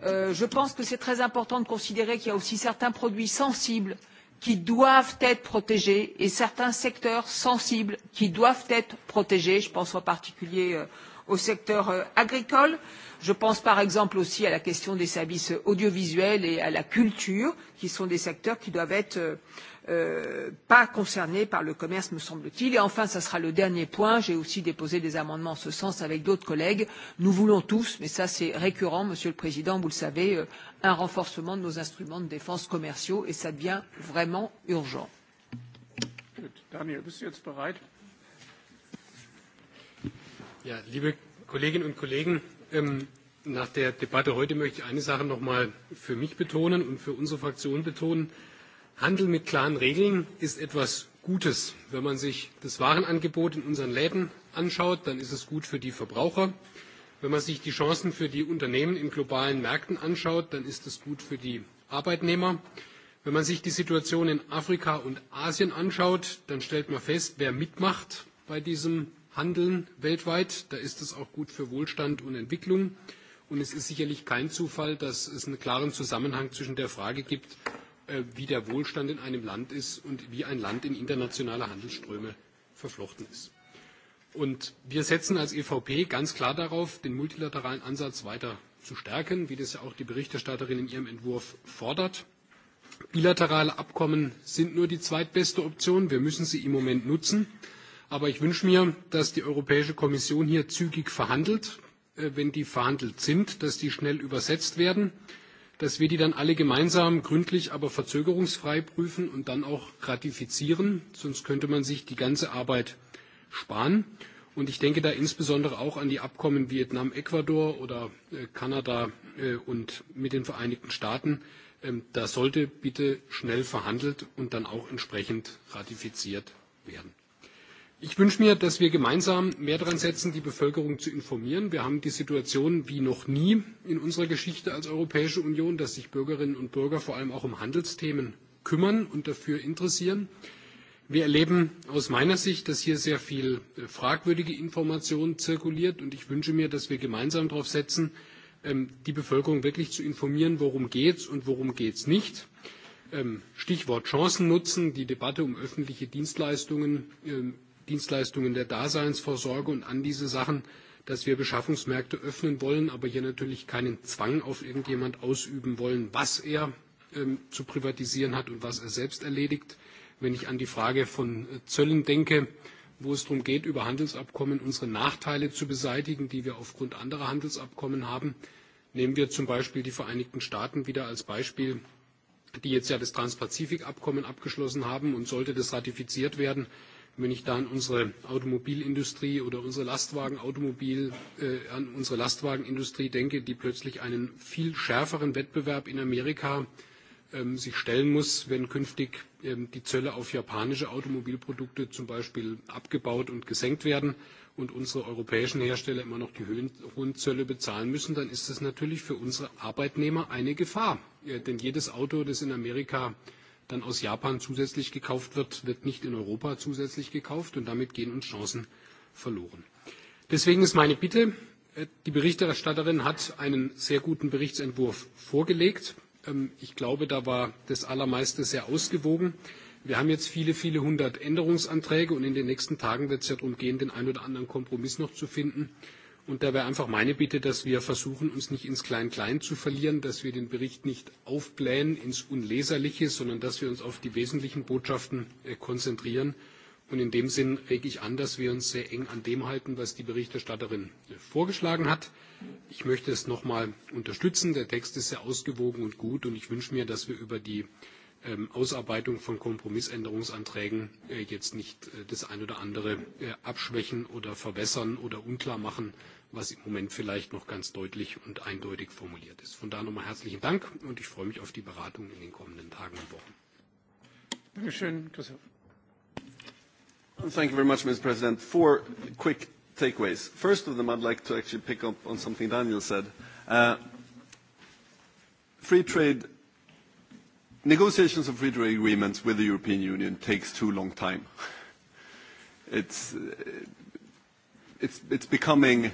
Euh, je pense que c'est très important de considérer qu'il y a aussi certains produits sensibles euh, qui doivent être protégés et certains secteurs sensibles qui doivent être protégés. Je pense en particulier euh, au secteur euh, agricole. Je pense par exemple aussi à la question des services euh, audiovisuels et à la culture, qui sont des secteurs qui doivent être euh, euh, pas concernés par le commerce, me semble-t-il. Et enfin, ça sera le dernier point. J'ai aussi déposé des amendements en ce sens avec d'autres collègues. Nous voulons tous, mais ça c'est récurrent, Monsieur le Président, vous le savez, euh, un renforcement de nos instruments de défense commerciaux et ça devient vraiment urgent. Good. Daniel, bist du jetzt bereit? Ja, liebe Kolleginnen und Kollegen, ähm, nach der Debatte heute möchte ich eine Sache noch mal für mich betonen und für unsere Fraktion betonen. Handel mit klaren Regeln ist etwas Gutes. Wenn man sich das Warenangebot in unseren Läden anschaut, dann ist es gut für die Verbraucher. Äh, Wenn man sich die Chancen für die Unternehmen in globalen Märkten anschaut, dann ist das gut für die Arbeitnehmer. Wenn man sich die Situation in Afrika und Asien anschaut, dann stellt man fest, wer mitmacht bei diesem Handeln weltweit, da ist es auch gut für Wohlstand und Entwicklung. Und es ist sicherlich kein Zufall, dass es einen klaren Zusammenhang zwischen der Frage gibt, äh, wie der Wohlstand in einem Land ist und wie ein Land in internationale Handelsströme verflochten ist. Und wir setzen als EVP ganz klar darauf, den multilateralen Ansatz weiter zu stärken, wie das ja auch die Berichterstatterin in ihrem Entwurf fordert. Bilaterale Abkommen sind nur die zweitbeste Option. Wir müssen sie im Moment nutzen. Aber ich wünsche mir, dass die Europäische Kommission hier zügig verhandelt, äh, wenn die verhandelt sind, dass die schnell übersetzt werden, dass wir die dann alle gemeinsam gründlich, aber verzögerungsfrei prüfen und dann auch ratifizieren. Sonst könnte man sich die ganze Arbeit sparen. Und ich denke da insbesondere auch an die Abkommen Vietnam, Ecuador oder äh, Kanada äh, und mit den Vereinigten Staaten. Ähm, da sollte bitte schnell verhandelt und dann auch entsprechend ratifiziert werden. Ich wünsche mir, dass wir gemeinsam mehr daran setzen, die Bevölkerung zu informieren. Wir haben die Situation wie noch nie in unserer Geschichte als Europäische Union, dass sich Bürgerinnen und Bürger vor allem auch um Handelsthemen kümmern und dafür interessieren. Äh, Wir erleben aus meiner Sicht, dass hier sehr viel äh, fragwürdige Information zirkuliert. Und ich wünsche mir, dass wir gemeinsam darauf setzen, ähm, die Bevölkerung wirklich zu informieren, worum geht es und worum geht es nicht. Ähm, Stichwort Chancen nutzen, die Debatte um öffentliche Dienstleistungen, ähm, Dienstleistungen der Daseinsvorsorge und an diese Sachen, dass wir Beschaffungsmärkte öffnen wollen, aber hier natürlich keinen Zwang auf irgendjemand ausüben wollen, was er zu privatisieren hat und was er selbst erledigt wenn ich an die Frage von Zöllen denke, wo es darum geht, über Handelsabkommen unsere Nachteile zu beseitigen, die wir aufgrund anderer Handelsabkommen haben. Nehmen wir zum Beispiel die Vereinigten Staaten wieder als Beispiel, die jetzt ja das Transpazifikabkommen abgeschlossen haben und sollte das ratifiziert werden, wenn ich da an unsere Automobilindustrie oder unsere Lastwagenautomobil, äh, an unsere Lastwagenindustrie denke, die plötzlich einen viel schärferen Wettbewerb in Amerika äh, Ähm, sich stellen muss, wenn künftig ähm, die Zölle auf japanische Automobilprodukte zum Beispiel abgebaut und gesenkt werden und unsere europäischen Hersteller immer noch die hohen Zölle bezahlen müssen, dann ist das natürlich für unsere Arbeitnehmer eine Gefahr. Äh, denn jedes Auto, das in Amerika dann aus Japan zusätzlich gekauft wird, wird nicht in Europa zusätzlich gekauft und damit gehen uns Chancen verloren. Deswegen ist meine Bitte, äh, die Berichterstatterin hat einen sehr guten Berichtsentwurf vorgelegt. Ähm, ich glaube, da war das Allermeiste sehr ausgewogen. Wir haben jetzt viele, viele hundert Änderungsanträge und in den nächsten Tagen wird es ja darum gehen, den einen oder anderen Kompromiss noch zu finden. Und da wäre einfach meine Bitte, dass wir versuchen, uns nicht ins Klein-Klein zu verlieren, dass wir den Bericht nicht aufblähen ins Unleserliche, sondern dass wir uns auf die wesentlichen Botschaften äh, konzentrieren. Und in dem Sinn rege ich an, dass wir uns sehr eng an dem halten, was die Berichterstatterin vorgeschlagen hat. Ich möchte es nochmal unterstützen. Der Text ist sehr ausgewogen und gut, und ich wünsche mir, dass wir über die ähm, Ausarbeitung von Kompromissänderungsanträgen äh, jetzt nicht äh, das ein oder andere äh, abschwächen oder verwässern oder unklar machen, was im Moment vielleicht noch ganz deutlich und eindeutig formuliert ist. Von daher nochmal herzlichen Dank, und ich freue mich auf die Beratung in den kommenden Tagen und Wochen. Dankeschön, Christoph. Thank you very much, Mr. President. Four quick takeaways. First of them, I'd like to actually pick up on something Daniel said. Uh, free trade negotiations of free trade agreements with the European Union takes too long time. It's, uh, it's, it's becoming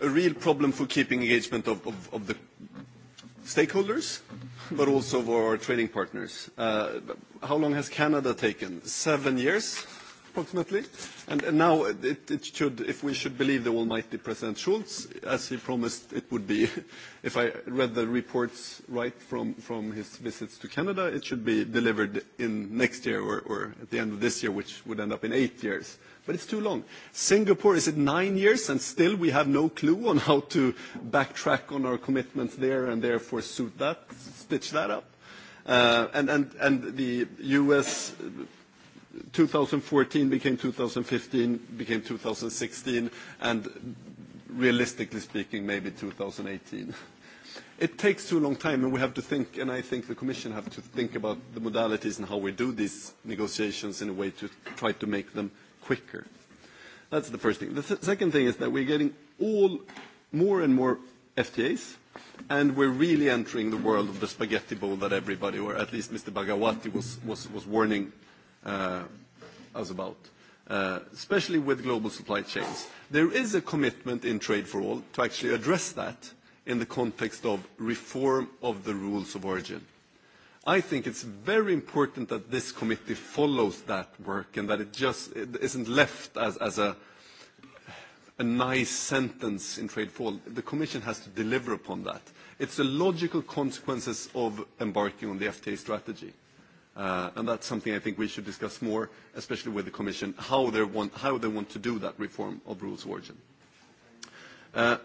a real problem for keeping engagement of, of, of the stakeholders, but also for our trading partners. Uh, how long has Canada taken? Seven years, approximately. And, and now it, it should, if we should believe the almighty President Schulz, as he promised it would be, if I read the reports right from, from his visits to Canada, it should be delivered in next year or, or at the end of this year, which would end up in eight years but it's too long. Singapore is at nine years, and still we have no clue on how to backtrack on our commitments there and therefore suit that, stitch that up. Uh, and, and, and the U.S. 2014 became 2015, became 2016, and realistically speaking, maybe 2018. It takes too long time, and we have to think, and I think the Commission have to think about the modalities and how we do these negotiations in a way to try to make them quicker. That's the first thing. The th- second thing is that we're getting all more and more FTAs, and we're really entering the world of the spaghetti bowl that everybody, or at least Mr. Bhagawati, was, was, was warning uh, us about. Uh, especially with global supply chains. There is a commitment in Trade for All to actually address that in the context of reform of the rules of origin. I think it's very important that this committee follows that work and that it just it isn't left as, as a, a nice sentence in trade fall. The Commission has to deliver upon that. It's the logical consequences of embarking on the FTA strategy. Uh, and that's something I think we should discuss more, especially with the Commission, how, want, how they want to do that reform of rules of origin. Uh,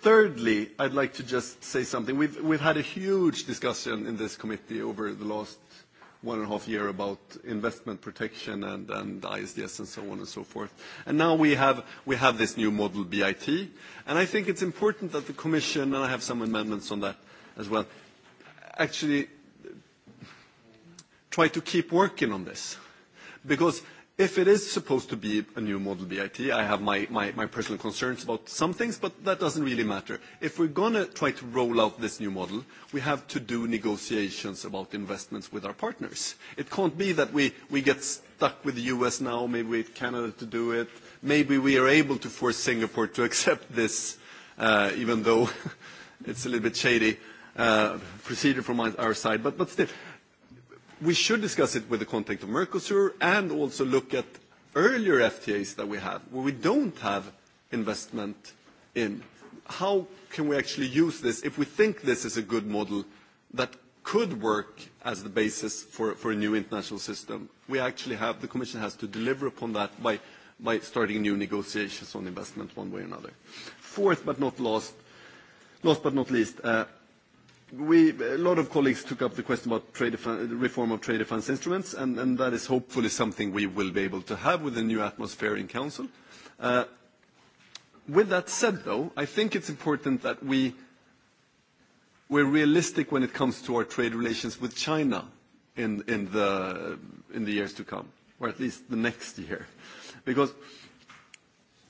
Thirdly, I'd like to just say something. We've, we've had a huge discussion in this committee over the last one and a half year about investment protection and, and ISDS and so on and so forth. And now we have, we have this new model, BIT, and I think it's important that the Commission, and I have some amendments on that as well, actually try to keep working on this. Because if it is supposed to be a new model VAT, I have my, my, my personal concerns about some things, but that doesn't really matter. If we're going to try to roll out this new model, we have to do negotiations about investments with our partners. It can't be that we, we get stuck with the US now, maybe with Canada to do it. Maybe we are able to force Singapore to accept this, uh, even though it's a little bit shady uh, procedure from our side. But, but still, we should discuss it with the context of Mercosur and also look at earlier FTAs that we have, where we don't have investment in. How can we actually use this if we think this is a good model that could work as the basis for, for a new international system? We actually have, the Commission has to deliver upon that by, by starting new negotiations on investment one way or another. Fourth but not last, last but not least, uh, We, a lot of colleagues took up the question about trade reform of trade defense instruments, and, and that is hopefully something we will be able to have with the new atmosphere in council. Uh, with that said, though, I think it's important that we, we're realistic when it comes to our trade relations with China in, in, the, in the years to come, or at least the next year. Because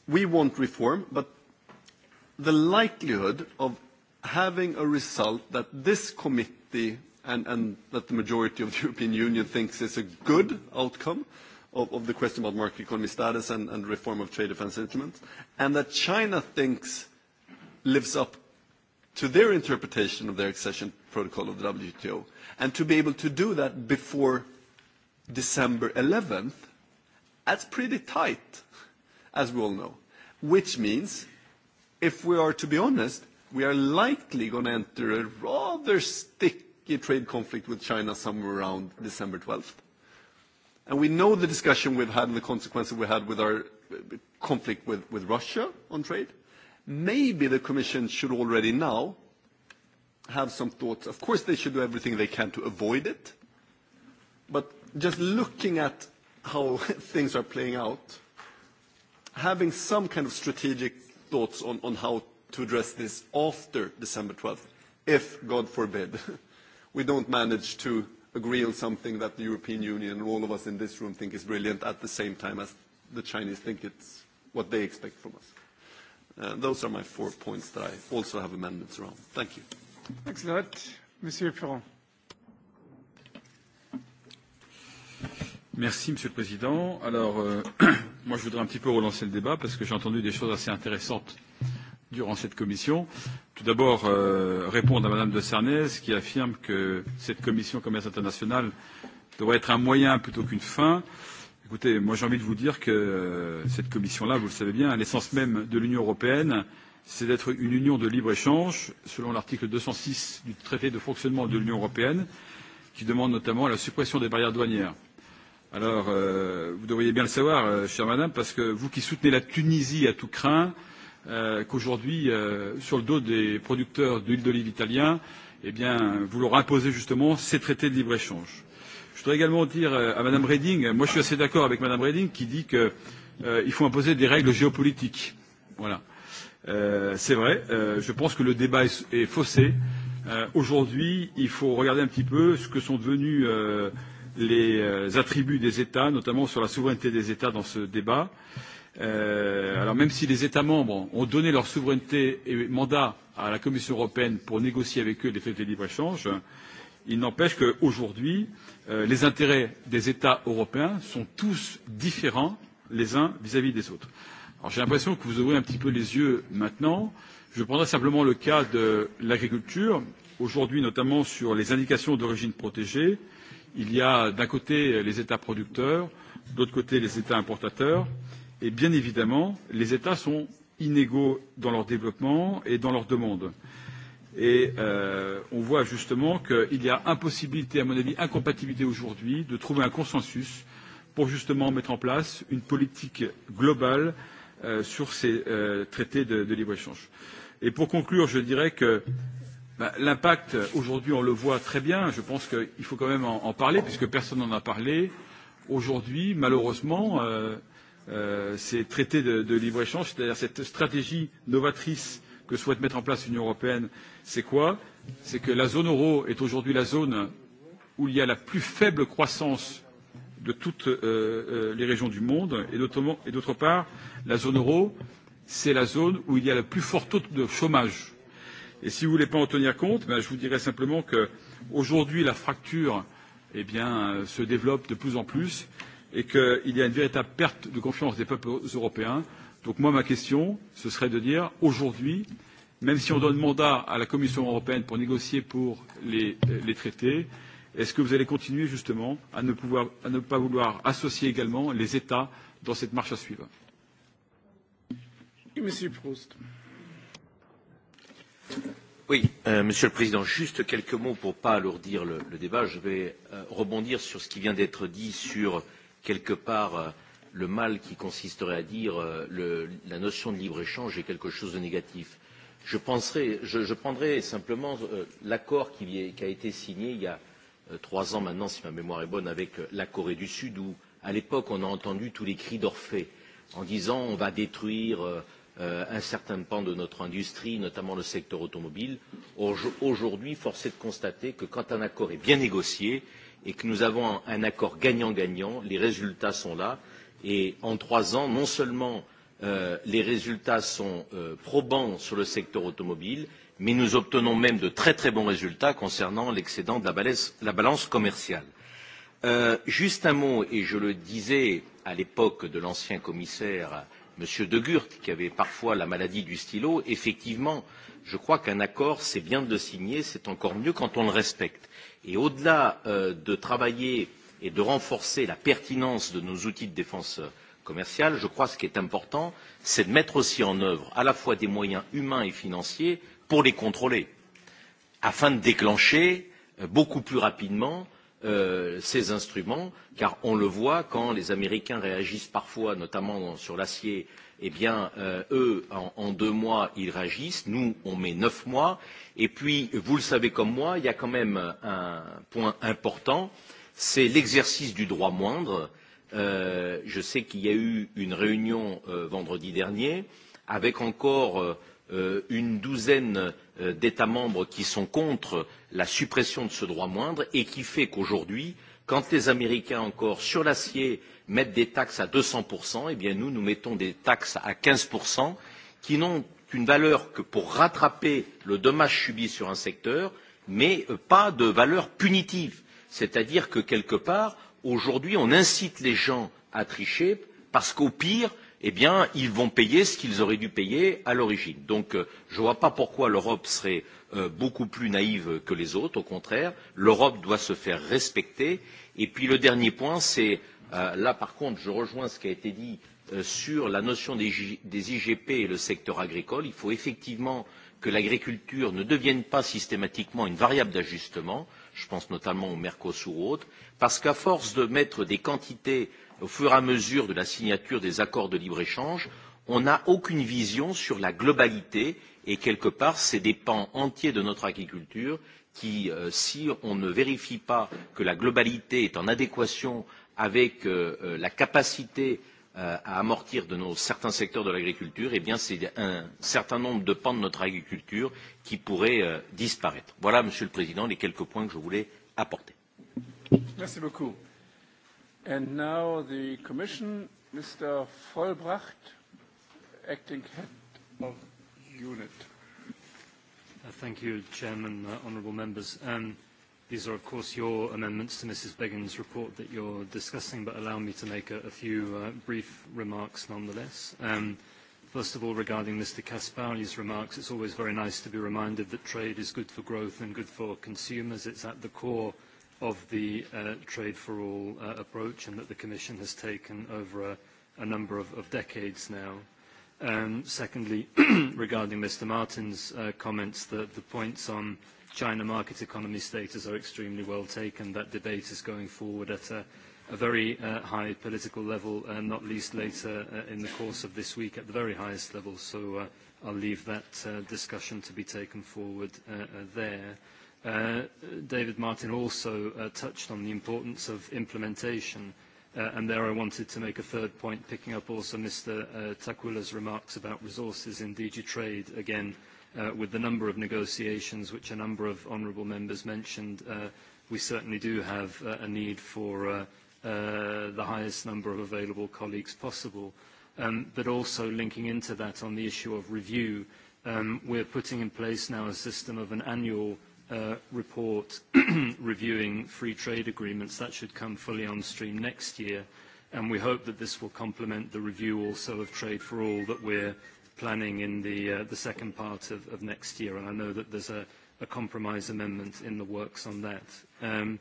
we want reform, but the likelihood of having a result that this committee and, and that the majority of the European Union thinks is a good outcome of, of the question about market economy status and, and reform of trade defense instruments, and that China thinks lives up to their interpretation of their accession protocol of the WTO, and to be able to do that before December 11th, that's pretty tight, as we all know. Which means, if we are to be honest, we are likely going to enter a rather sticky trade conflict with China somewhere around December 12th. And we know the discussion we've had and the consequences we had with our conflict with, with Russia on trade. Maybe the Commission should already now have some thoughts. Of course, they should do everything they can to avoid it. But just looking at how things are playing out, having some kind of strategic thoughts on, on how to address this after December 12th, if, God forbid, we don't manage to agree on something that the European Union and all of us in this room think is brilliant at the same time as the Chinese think it's what they expect from us. Uh, those are my four points that I also have amendments around. Thank you. Thanks a lot. Monsieur Ferrand. Merci, Monsieur le Président. Alors, euh, moi, je voudrais un petit peu relancer le débat parce que j'ai entendu des choses assez intéressantes euh, durant cette commission. Tout d'abord, euh, répondre à Madame de Sarnez qui affirme que cette commission commerce international devrait être un moyen plutôt qu'une fin. Écoutez, moi j'ai envie de vous dire que euh, cette commission-là, vous le savez bien, l'essence même de l'Union européenne, c'est d'être une union de libre-échange, selon l'article 206 du traité de fonctionnement de l'Union européenne, qui demande notamment la suppression des barrières douanières. Alors, euh, vous devriez bien le savoir, euh, chère madame, parce que vous qui soutenez la Tunisie à tout craint, euh, euh, qu'aujourd'hui, euh, sur le dos des producteurs d'huile d'olive italiens, eh bien, vous leur imposez justement ces traités de libre-échange. Je voudrais également dire euh, à Mme Reding, moi je suis assez d'accord avec Mme Reding qui dit qu'il euh, faut imposer des règles géopolitiques. Voilà. Euh, c'est vrai, euh, je pense que le débat est, est faussé. Euh, Aujourd'hui, il faut regarder un petit peu ce que sont devenus euh, les euh, attributs des États, notamment sur la souveraineté des États dans ce débat. Euh, Euh, alors même si les États membres ont donné leur souveraineté et mandat à la Commission européenne pour négocier avec eux les traités de libre-échange, il n'empêche qu'aujourd'hui, euh, les intérêts des États européens sont tous différents les uns vis-à-vis -vis des autres. Alors j'ai l'impression que vous ouvrez un petit peu les yeux maintenant. Je prendrai simplement le cas de l'agriculture. Aujourd'hui, notamment sur les indications d'origine protégée, il y a d'un côté les États producteurs, de l'autre côté les États importateurs. Euh, Et bien évidemment, les États sont inégaux dans leur développement et dans leurs demandes. Et euh, on voit justement qu'il y a impossibilité, à mon avis, incompatibilité aujourd'hui de trouver un consensus pour justement mettre en place une politique globale euh, sur ces euh, traités de, de libre-échange. Et pour conclure, je dirais que ben, l'impact, aujourd'hui, on le voit très bien. Je pense qu'il faut quand même en, en parler, puisque personne n'en a parlé. Aujourd'hui, malheureusement, euh, euh, ces traités de, de libre-échange, c'est-à-dire cette stratégie novatrice que souhaite mettre en place l'Union européenne, c'est quoi C'est que la zone euro est aujourd'hui la zone où il y a la plus faible croissance de toutes euh, euh les régions du monde, et d'autre part, la zone euro, c'est la zone où il y a le plus fort taux de chômage. Et si vous ne voulez pas en tenir compte, ben, je vous dirais simplement qu'aujourd'hui, la fracture eh bien, euh, se développe de plus en plus et qu'il y a une véritable perte de confiance des peuples européens. Donc moi, ma question, ce serait de dire, aujourd'hui, même si on donne mandat à la Commission européenne pour négocier pour les, les traités, est-ce que vous allez continuer justement à ne, pouvoir, à ne pas vouloir associer également les États dans cette marche à suivre Monsieur Proust. Oui, euh, Monsieur le Président, juste quelques mots pour ne pas alourdir le, le débat. Je vais euh, rebondir sur ce qui vient d'être dit sur euh, quelque part euh, le mal qui consisterait à dire euh, le, la notion de libre-échange est quelque chose de négatif. Je, penserai, je, je prendrai simplement euh, l'accord qui, est, qui a été signé il y a euh, trois ans maintenant, si ma mémoire est bonne, avec euh, la Corée du Sud, où à l'époque on a entendu tous les cris d'Orphée en disant on va détruire euh, euh, un certain pan de notre industrie, notamment le secteur automobile. Aujourd'hui, force est de constater que quand un accord est bien négocié, euh, et que nous avons un, un accord gagnant-gagnant. Les résultats sont là. Et en trois ans, non seulement euh, les résultats sont euh, probants sur le secteur automobile, mais nous obtenons même de très très bons résultats concernant l'excédent de la balance, la balance commerciale. Euh, juste un mot, et je le disais à l'époque de l'ancien commissaire M. de Gucht, qui avait parfois la maladie du stylo, effectivement, je crois qu'un accord, c'est bien de le signer, c'est encore mieux quand on le respecte. Et au-delà euh, de travailler et de renforcer la pertinence de nos outils de défense euh, commerciale, je crois que ce qui est important, c'est de mettre aussi en œuvre à la fois des moyens humains et financiers pour les contrôler, afin de déclencher euh, beaucoup plus rapidement euh, ces instruments, car on le voit quand les Américains réagissent parfois, notamment sur l'acier, eh bien, euh, eux, en, en deux mois, ils réagissent, nous, on met neuf mois, et puis, vous le savez comme moi, il y a quand même un point important, c'est l'exercice du droit moindre. Euh, je sais qu'il y a eu une réunion euh, vendredi dernier, avec encore euh, euh, une douzaine euh, d'États membres qui sont contre la suppression de ce droit moindre et qui fait qu'aujourd'hui, quand les Américains encore sur l'acier mettent des taxes à 200%, eh bien nous, nous mettons des taxes à 15% qui n'ont qu'une valeur que pour rattraper le dommage subi sur un secteur, mais euh, pas de valeur punitive. C'est-à-dire que quelque part, aujourd'hui, on incite les gens à tricher parce qu'au pire, eh bien, ils vont payer ce qu'ils auraient dû payer à l'origine. Donc, euh, je ne vois pas pourquoi l'Europe serait euh, beaucoup plus naïve que les autres. Au contraire, l'Europe doit se faire respecter. Et puis, le dernier point, c'est euh, là, par contre, je rejoins ce qui a été dit euh, sur la notion des, des IGP et le secteur agricole. Il faut effectivement que l'agriculture ne devienne pas systématiquement une variable d'ajustement. Je pense notamment au Mercosur ou autres, parce qu'à force de mettre des quantités au fur et à mesure de la signature des accords de libre-échange, on n'a aucune vision sur la globalité et quelque part, c'est des pans entiers de notre agriculture qui, euh, si on ne vérifie pas que la globalité est en adéquation avec euh, euh la capacité euh, à amortir de nos, certains secteurs de l'agriculture, eh bien c'est un certain nombre de pans de notre agriculture qui pourraient euh, disparaître. Voilà, Monsieur le Président, les quelques points que je voulais apporter. Merci beaucoup. And now the Commission, Mr. Vollbracht, Acting Head of Unit. Uh, thank you, Chairman, uh, honourable members. Um, these are, of course, your amendments to Mrs. Began's report that you're discussing, but allow me to make a, a few uh, brief remarks nonetheless. Um, First of all, regarding Mr. Kaspari's remarks, it's always very nice to be reminded that trade is good for growth and good for consumers. It's at the core of the uh, Trade for All uh, approach and that the Commission has taken over a, a number of, of decades now. Um, secondly, regarding Mr. Martin's uh, comments, the, the points on China market economy status are extremely well taken. That debate is going forward at a, a very uh, high political level, uh, not least later uh, in the course of this week at the very highest level. So uh, I'll leave that uh, discussion to be taken forward uh, uh, there. Uh, Uh, David Martin also uh, touched on the importance of implementation, uh, and there I wanted to make a third point, picking up also Mr. Uh, Takkula's remarks about resources in DG Trade, again, uh, with the number of negotiations which a number of honorable members mentioned, uh, we certainly do have a need for the highest number of available colleagues possible. Um, but also linking into that on the issue of review, um, we're putting in place now a system of an annual uh, report reviewing free trade agreements. That should come fully on stream next year, and we hope that this will complement the review also of Trade for All that we're planning in the, uh, the second part of, of next year. And I know that there's a, a compromise amendment in the works on that. Um,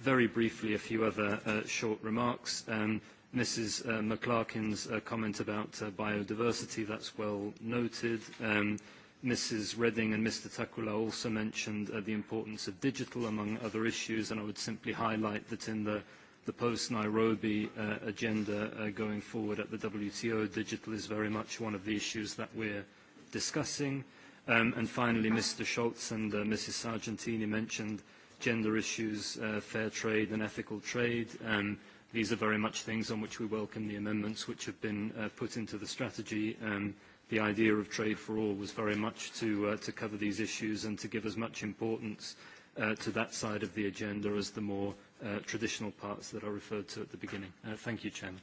very briefly, a few other uh, short remarks. Um, Mrs. Uh, McClarkin's uh, comment about uh, biodiversity, that's well noted. Um, Mrs Redding and Mr Takula also mentioned uh, the importance of digital, among other issues, and I would simply highlight that in the, the post-Nairobi uh, agenda uh, going forward at the WTO, digital is very much one of the issues that we're discussing. Um, and finally, Mr Schultz and uh, Mrs Sargentini mentioned gender issues, uh, fair trade and ethical trade. Um, these are very much things on which we welcome the amendments which have been uh, put into the strategy um, – the idea of Trade for All was very much to, uh, to cover these issues and to give as much importance uh, to that side of the agenda as the more uh, traditional parts that I referred to at the beginning. Uh, thank you, Chairman.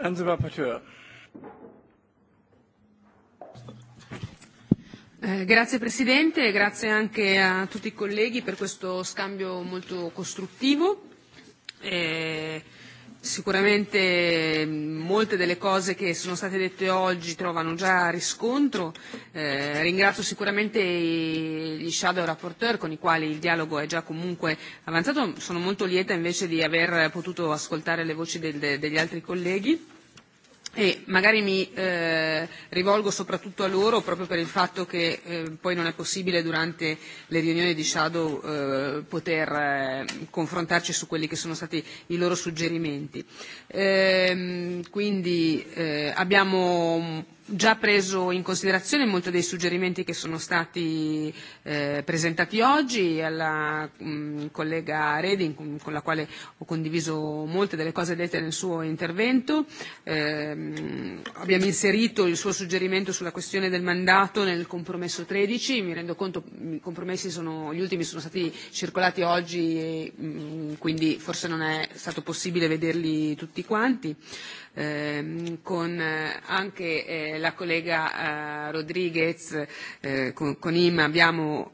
And the rapporteur. Eh, grazie Presidente, grazie anche a tutti i colleghi per questo scambio molto costruttivo. Eh, Sicuramente mm, molte delle cose che sono state dette oggi trovano già riscontro. Eh, ringrazio sicuramente gli shadow rapporteur con i quali il dialogo è già comunque avanzato. Sono molto lieta invece di aver potuto ascoltare le voci del, degli altri colleghi e magari mi eh, rivolgo soprattutto a loro proprio per il fatto che eh, poi non è possibile durante le riunioni di Shadow eh, poter eh, confrontarci su quelli che sono stati i loro suggerimenti. Eh, quindi eh, abbiamo già preso in considerazione molti dei suggerimenti che sono stati eh, presentati oggi alla mh, mm, collega Reding con, con la quale ho condiviso molte delle cose dette nel suo intervento. Eh, abbiamo inserito il suo suggerimento sulla questione del mandato nel compromesso 13, mi rendo conto i compromessi sono, gli ultimi sono stati circolati oggi e mh, mm, quindi forse non è stato possibile vederli tutti quanti. Ehm, eh, con anche eh, la collega eh, Rodriguez, eh, con, con Ima abbiamo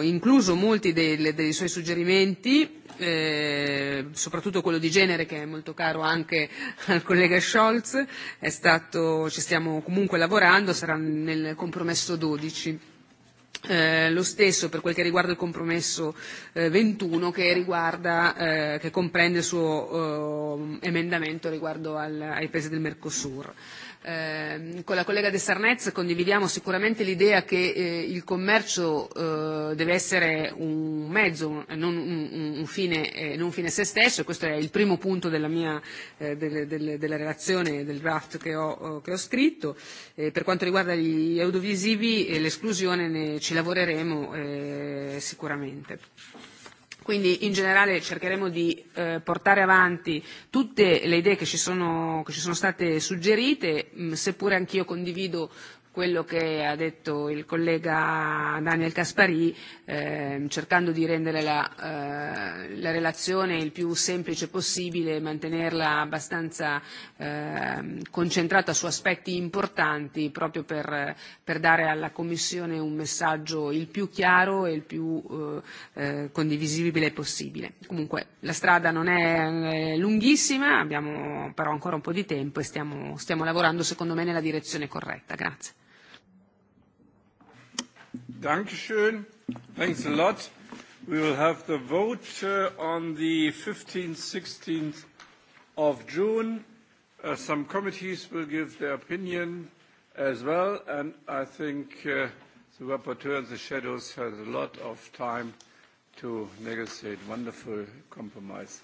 eh, incluso molti dei, dei suoi suggerimenti eh, soprattutto quello di genere che è molto caro anche al collega Scholz, è stato, ci stiamo comunque lavorando, sarà nel compromesso 12. Eh, lo stesso per quel che riguarda il compromesso eh, 21 che, riguarda, eh, che comprende il suo eh, emendamento riguardo al, ai paesi del Mercosur. Eh, eh, con la collega De Sarnez condividiamo sicuramente l'idea che eh, il commercio eh, deve essere un mezzo, non un, un fine, eh, non un fine a se stesso, e questo è il primo punto della mia eh, delle, delle, della relazione del draft che ho, eh, che ho scritto. Eh, per quanto riguarda gli audiovisivi e l'esclusione ne, ci lavoreremo eh, sicuramente. Quindi in generale cercheremo di eh, portare avanti tutte le idee che ci sono, che ci sono state suggerite, mh, mm, seppure anch'io condivido quello che ha detto il collega Daniel Caspari, eh, cercando di rendere la, eh, la relazione il più semplice possibile, mantenerla abbastanza eh, concentrata su aspetti importanti, proprio per, per dare alla Commissione un messaggio il più chiaro e il più eh, eh, condivisibile possibile. Comunque la strada non è eh, lunghissima, abbiamo però ancora un po' di tempo e stiamo, stiamo lavorando secondo me nella direzione corretta. Grazie. Dankeschön. Thanks a lot. We will have the vote uh, on the 15th, 16th of June. Uh, some committees will give their opinion as well, and I think uh, the rapporteur and the shadows has a lot of time to negotiate wonderful compromise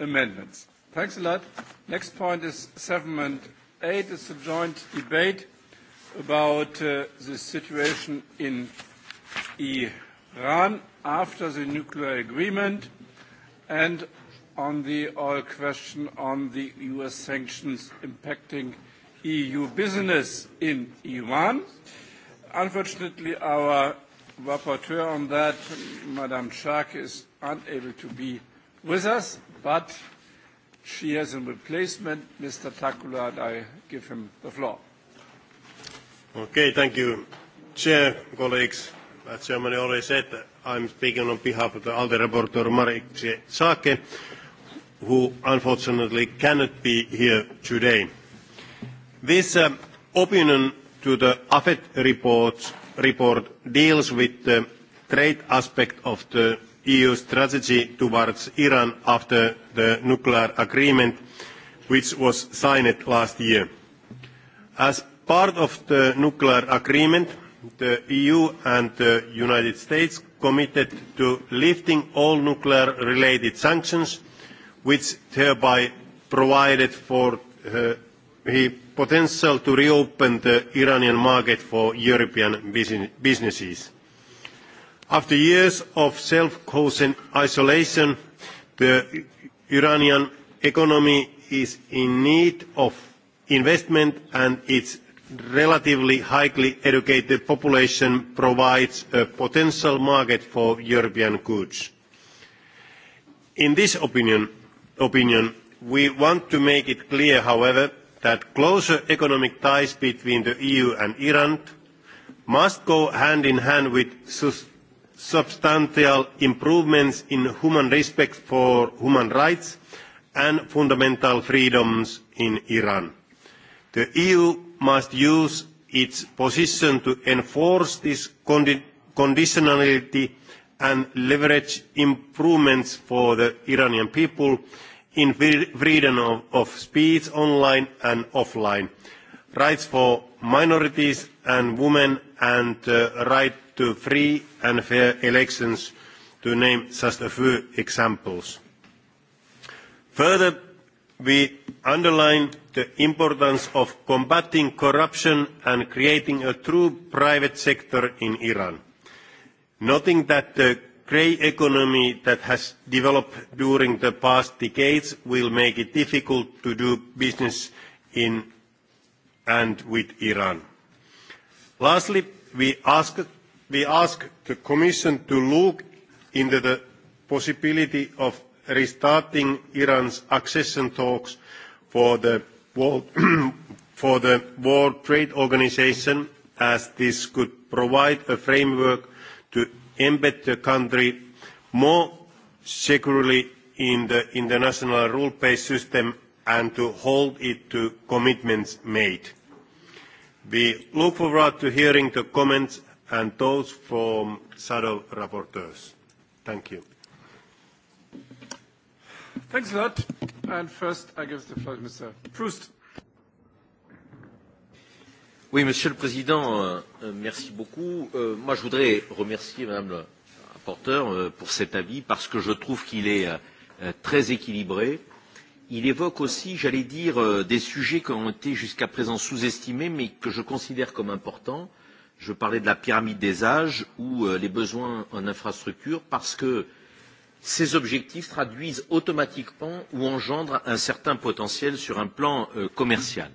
amendments. Thanks a lot. Next point is 7 and 8. It's a joint debate about uh, the situation in Iran after the nuclear agreement and on the oil question on the U.S. sanctions impacting EU business in Iran. Unfortunately, our rapporteur on that, Madame Shark, is unable to be with us, but she has a replacement, Mr. Takula, and I give him the floor. Okay, thank you. Chair, colleagues, as Chairman already said, I'm speaking on behalf of the ALDE rapporteur Marek Sake, who unfortunately cannot be here today. This uh, opinion to the AFET report, report deals with the trade aspect of the EU strategy towards Iran after the nuclear agreement, which was signed last year. As part of the nuclear agreement, the EU and the United States committed to lifting all nuclear-related sanctions, which thereby provided for uh, the potential to reopen the Iranian market for European business businesses. After years of self-causing isolation, the Iranian economy is in need of investment and its relatively highly educated population provides a potential market for European goods. In this opinion, opinion, we want to make it clear, however, that closer economic ties between the EU and Iran must go hand in hand with substantial improvements in human respect for human rights and fundamental freedoms in Iran. The EU must use its position to enforce this condi conditionality and leverage improvements for the Iranian people in freedom of, of speech online and offline, rights for minorities and women, and uh, right to free and fair elections, to name just a few examples. Further, we underline the importance of combating corruption and creating a true private sector in Iran, noting that the grey economy that has developed during the past decades will make it difficult to do business in and with Iran. Lastly, we ask, we ask the Commission to look into the possibility of restarting Iran's accession talks for the World for the World Trade Organization, as this could provide a framework to embed the country more securely in the international rule-based system and to hold it to commitments made. We look forward to hearing the comments and those from shadow rapporteurs. Thank you. Thanks a lot. And first, I give the floor to Mr. Proust. Oui, Monsieur le Président, euh, euh, merci beaucoup. Euh, moi, je voudrais remercier Madame la rapporteure euh, pour cet avis parce que je trouve qu'il est euh, euh, très équilibré. Il évoque aussi, j'allais dire, euh, des sujets qui ont été jusqu'à présent sous-estimés mais que je considère comme importants. Je parlais de la pyramide des âges ou euh, les besoins en infrastructure parce que ces objectifs traduisent automatiquement ou engendrent un certain potentiel sur un plan euh, commercial.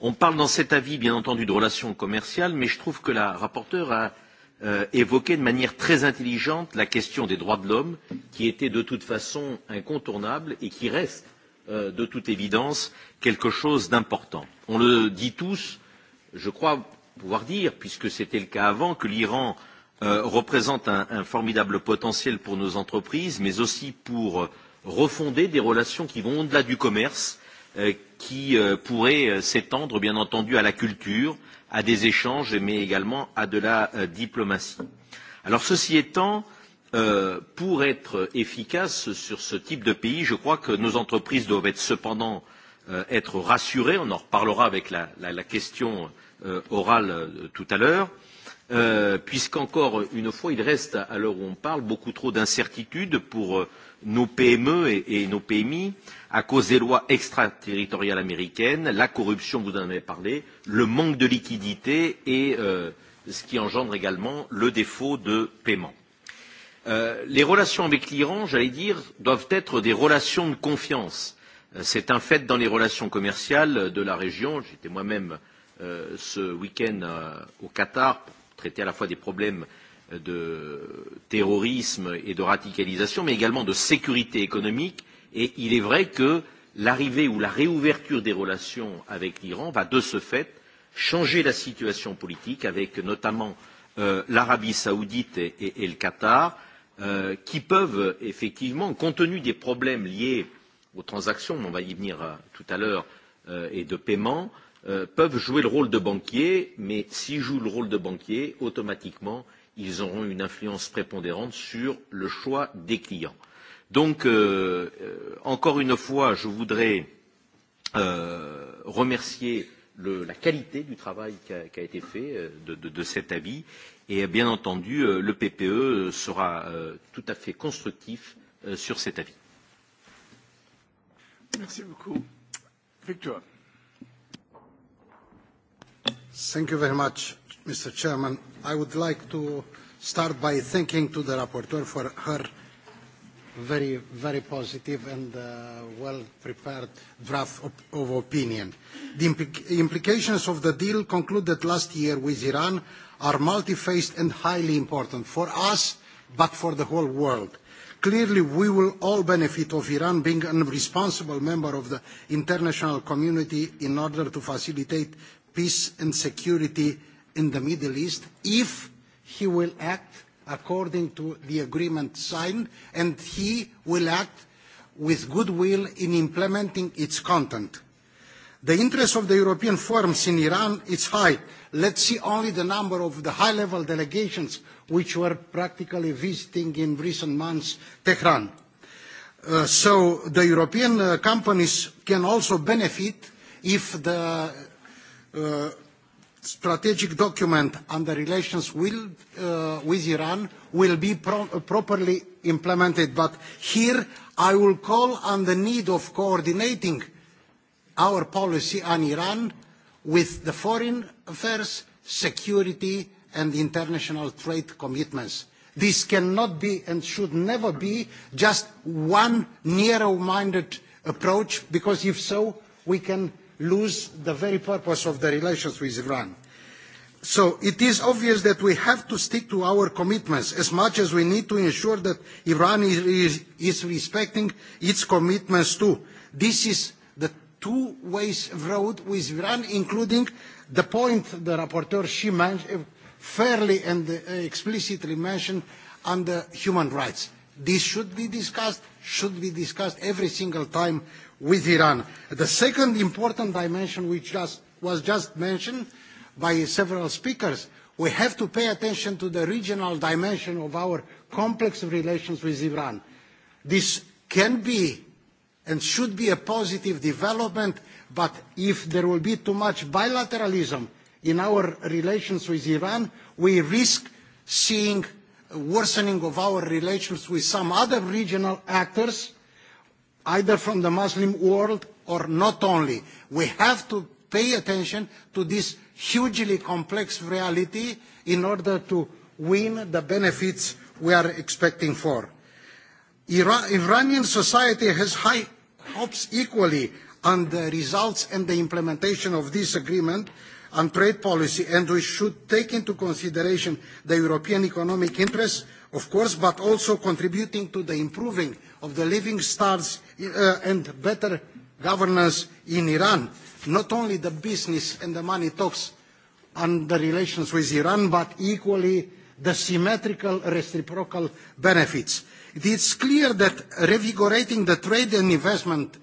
On parle dans cet avis, bien entendu, de relations commerciales, mais je trouve que la rapporteure a euh, évoqué de manière très intelligente la question des droits de l'homme, qui était de toute façon incontournable et qui reste euh, de toute évidence quelque chose d'important. On le dit tous, je crois pouvoir dire, puisque c'était le cas avant, que l'Iran euh, euh, représente un, un formidable potentiel pour nos entreprises, mais aussi pour euh, refonder des relations qui vont au-delà du commerce, euh, qui euh, pourraient euh, s'étendre, bien entendu, à la culture, à des échanges, mais également à de la euh, diplomatie. Alors, ceci étant, euh, pour être efficace sur ce type de pays, je crois que nos entreprises doivent être cependant euh, être rassurées, on en reparlera avec la, la, la question euh, orale euh, tout à l'heure, euh, euh, puisqu'encore une fois, il reste, à l'heure où on parle, beaucoup trop d'incertitudes pour euh, nos PME et, et nos PMI à cause des lois extraterritoriales américaines, la corruption, vous en avez parlé, le manque de liquidité et euh, ce qui engendre également le défaut de paiement. Euh, les relations avec l'Iran, j'allais dire, doivent être des relations de confiance. Euh, C'est un fait dans les relations commerciales de la région. J'étais moi-même euh, ce week-end euh, au Qatar pour traiter à la fois des problèmes euh, de terrorisme et de radicalisation, mais également de sécurité économique. Et il est vrai que l'arrivée ou la réouverture des relations avec l'Iran va de ce fait changer la situation politique avec notamment euh, l'Arabie saoudite et, et, et le Qatar, euh, qui peuvent effectivement, compte tenu des problèmes liés aux transactions, on va y venir euh, tout à l'heure, euh, et de paiement, euh, euh, peuvent jouer le rôle de banquier, mais s'ils jouent le rôle de banquier, automatiquement, ils auront une influence prépondérante sur le choix des clients. Donc, euh, euh, encore une fois, je voudrais euh, remercier le, la qualité du travail qui a, qui a été fait euh, de, de, de cet avis et euh, bien entendu, euh, le PPE euh, sera euh, tout à fait constructif euh, sur cet avis. Merci beaucoup. Victor. Thank you very much, Mr. Chairman. I would like to start by thanking to the rapporteur for her very, very positive and uh, well-prepared draft of, of opinion. The implic implications of the deal concluded last year with Iran are multi-faced and highly important for us, but for the whole world. Clearly, we will all benefit of Iran being a responsible member of the international community in order to facilitate peace and security in the Middle East if he will act according to the agreement signed and he will act with goodwill in implementing its content. The interest of the European forums in Iran is high. Let's see only the number of the high-level delegations which were practically visiting in recent months Tehran. Uh, so the European uh, companies can also benefit if the uh, strategic document on the relations will, uh, with Iran will be pro uh, properly implemented. But here I will call on the need of coordinating our policy on Iran with the foreign affairs, security and international trade commitments. This cannot be and should never be just one narrow-minded approach because if so, we can lose the very purpose of the relations with Iran. So it is obvious that we have to stick to our commitments as much as we need to ensure that Iran is, is respecting its commitments too. This is the two ways road with Iran, including the point the rapporteur, she mentioned, fairly and explicitly mentioned under human rights. This should be discussed, should be discussed every single time with Iran. The second important dimension, which just, was just mentioned by several speakers, we have to pay attention to the regional dimension of our complex relations with Iran. This can be and should be a positive development, but if there will be too much bilateralism in our relations with Iran, we risk seeing worsening of our relations with some other regional actors either from the Muslim world or not only. We have to pay attention to this hugely complex reality in order to win the benefits we are expecting for. Iran, Iranian society has high hopes equally on the results and the implementation of this agreement on trade policy, and we should take into consideration the European economic interests, of course, but also contributing to the improving of the living stars uh, and better governance in Iran. Not only the business and the money talks on the relations with Iran, but equally the symmetrical reciprocal benefits. It is clear that revigorating the trade and investment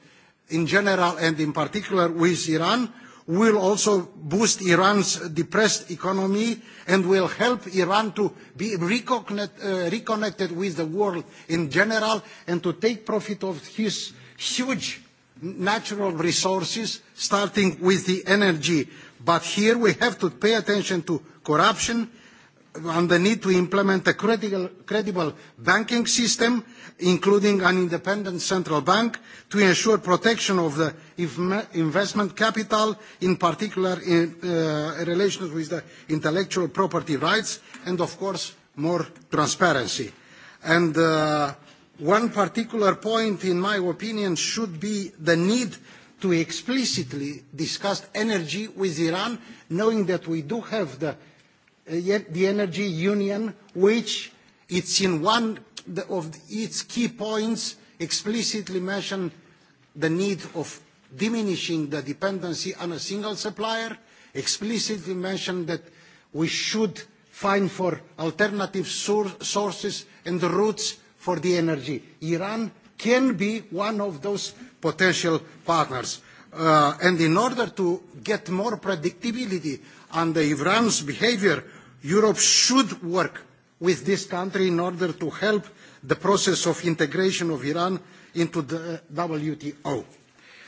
in general and in particular with Iran will also boost Iran's depressed economy and will help Iran to be reconnect, uh, reconnected with the world in general and to take profit of his huge natural resources, starting with the energy. But here we have to pay attention to corruption, on the need to implement a credible, credible banking system, including an independent central bank, to ensure protection of the investment capital, in particular in uh, relation with the intellectual property rights, and of course, more transparency. And uh, one particular point, in my opinion, should be the need to explicitly discuss energy with Iran, knowing that we do have the Uh, the energy union, which it's in one of its key points explicitly mentioned the need of diminishing the dependency on a single supplier, explicitly mentioned that we should find for alternative source, sources and routes for the energy. Iran can be one of those potential partners. Uh, and in order to get more predictability and Iran's behavior, Europe should work with this country in order to help the process of integration of Iran into the WTO.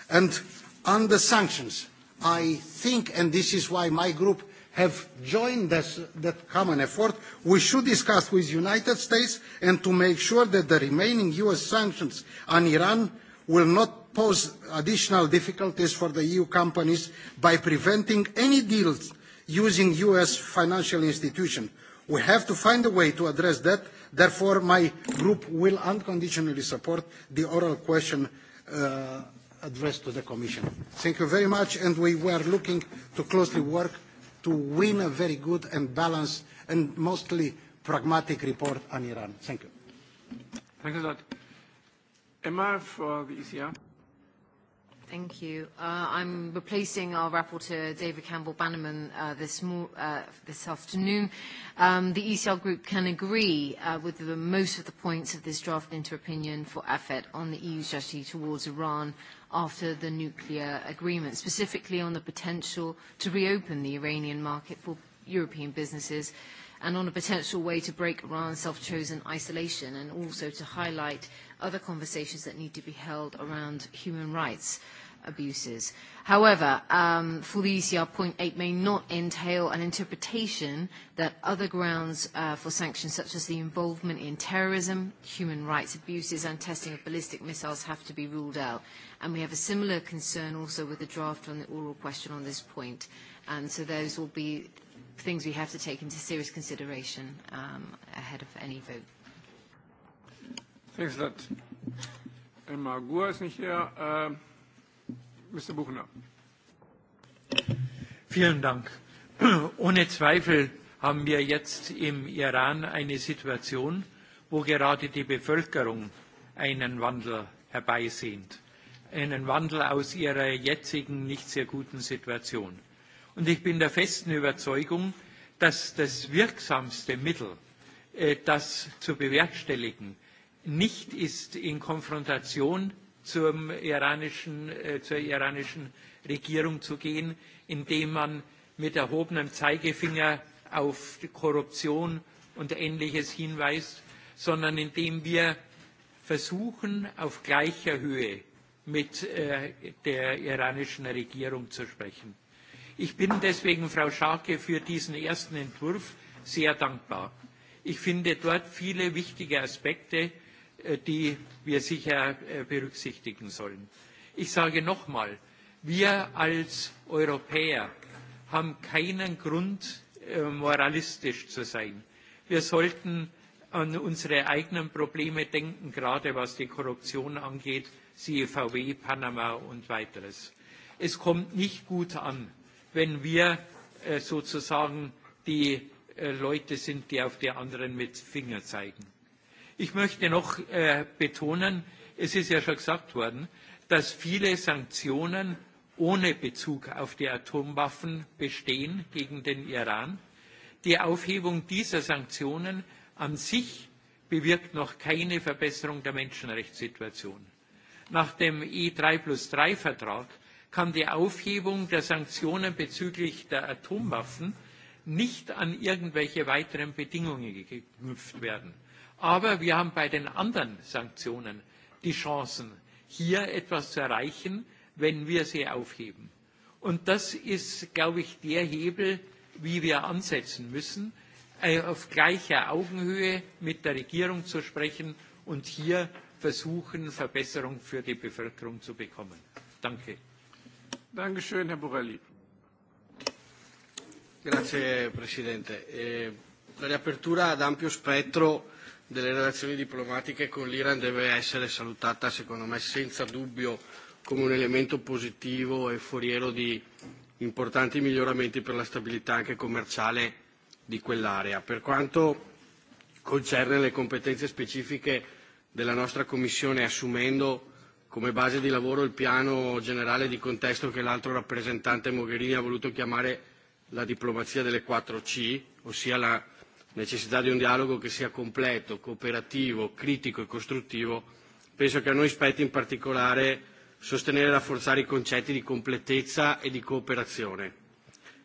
And on the sanctions, I think, and this is why my group have joined this, that common effort, we should discuss with the United States and to make sure that the remaining U.S. sanctions on Iran will not pose additional difficulties for the EU companies by preventing any deals using U.S. financial institutions. We have to find a way to address that. Therefore, my group will unconditionally support the oral question uh, addressed to the Commission. Thank you very much, and we were looking to closely work to win a very good and balanced and mostly pragmatic report on Iran. Thank you. Thanks a lot. Emma for the ECR. Thank you. Uh, I'm replacing our rapporteur, David Campbell-Bannerman, uh, this, mor- uh, this afternoon. Um, the ECR group can agree uh, with the, most of the points of this draft inter-opinion for AFET on the EU strategy towards Iran after the nuclear agreement, specifically on the potential to reopen the Iranian market for European businesses and on a potential way to break Iran's self-chosen isolation and also to highlight other conversations that need to be held around human rights abuses. However, um, for the ECR, point 8 may not entail an interpretation that other grounds uh, for sanctions, such as the involvement in terrorism, human rights abuses, and testing of ballistic missiles, have to be ruled out. And we have a similar concern also with the draft on the oral question on this point. And so those will be things we have to take into serious consideration um, ahead of any vote. Thanks a lot. Elmar Guhr is nicht hier. Uh, ähm, Mr. Buchner. Vielen Dank. Ohne Zweifel haben wir jetzt im Iran eine Situation, wo gerade die Bevölkerung einen Wandel herbeisehnt. Einen Wandel aus ihrer jetzigen nicht sehr guten Situation. Und ich bin der festen Überzeugung, dass das wirksamste Mittel, äh, das zu bewerkstelligen, nicht ist, in Konfrontation zum iranischen, äh, zur iranischen Regierung zu gehen, indem man mit erhobenem Zeigefinger auf Korruption und Ähnliches hinweist, sondern indem wir versuchen, auf gleicher Höhe mit äh, der iranischen Regierung zu sprechen. Ich bin deswegen Frau Scharke für diesen ersten Entwurf sehr dankbar. Ich finde dort viele wichtige Aspekte, äh, die wir sicher äh, berücksichtigen sollen. Ich sage nochmal, wir als Europäer haben keinen Grund, äh, moralistisch zu sein. Wir sollten an unsere eigenen Probleme denken, gerade was die Korruption angeht, siehe VW, Panama und weiteres. Es kommt nicht gut an, wenn wir äh, sozusagen die äh, Leute sind, die auf die anderen mit Finger zeigen. Ich möchte noch äh, betonen, es ist ja schon gesagt worden, dass viele Sanktionen ohne Bezug auf die Atomwaffen bestehen gegen den Iran. Die Aufhebung dieser Sanktionen an sich bewirkt noch keine Verbesserung der Menschenrechtssituation. Nach dem E3 plus 3 Vertrag kann die Aufhebung der Sanktionen bezüglich der Atomwaffen nicht an irgendwelche weiteren Bedingungen geknüpft werden. Aber wir haben bei den anderen Sanktionen die Chancen, hier etwas zu erreichen, wenn wir sie aufheben. Und das ist, glaube ich, der Hebel, wie wir ansetzen müssen, äh, auf gleicher Augenhöhe mit der Regierung zu sprechen und hier versuchen, Verbesserung für die Bevölkerung zu bekommen. Danke. Dankeschön, Herr Borrelli. Grazie Presidente. Eh, la riapertura ad ampio spettro delle relazioni diplomatiche con l'Iran deve essere salutata, secondo me, senza dubbio come un elemento positivo e foriero di importanti miglioramenti per la stabilità anche commerciale di quell'area. Per quanto concerne le competenze specifiche della nostra Commissione, assumendo come base di lavoro il piano generale di contesto che l'altro rappresentante Mogherini ha voluto chiamare la diplomazia delle 4C, ossia la necessità di un dialogo che sia completo, cooperativo, critico e costruttivo, penso che a noi spetti in particolare sostenere e rafforzare i concetti di completezza e di cooperazione.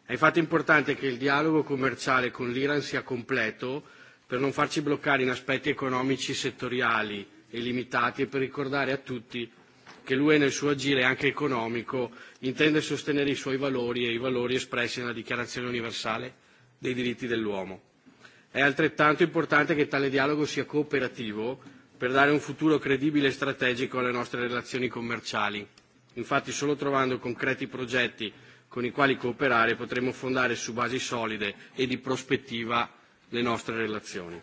È infatti importante che il dialogo commerciale con l'Iran sia completo per non farci bloccare in aspetti economici settoriali e limitati e per ricordare a tutti che l'UE nel suo agire e anche economico intende sostenere i suoi valori e i valori espressi nella Dichiarazione universale dei diritti dell'uomo. È altrettanto importante che tale dialogo sia cooperativo per dare un futuro credibile e strategico alle nostre relazioni commerciali. Infatti solo trovando concreti progetti con i quali cooperare potremo fondare su basi solide e di prospettiva le nostre relazioni.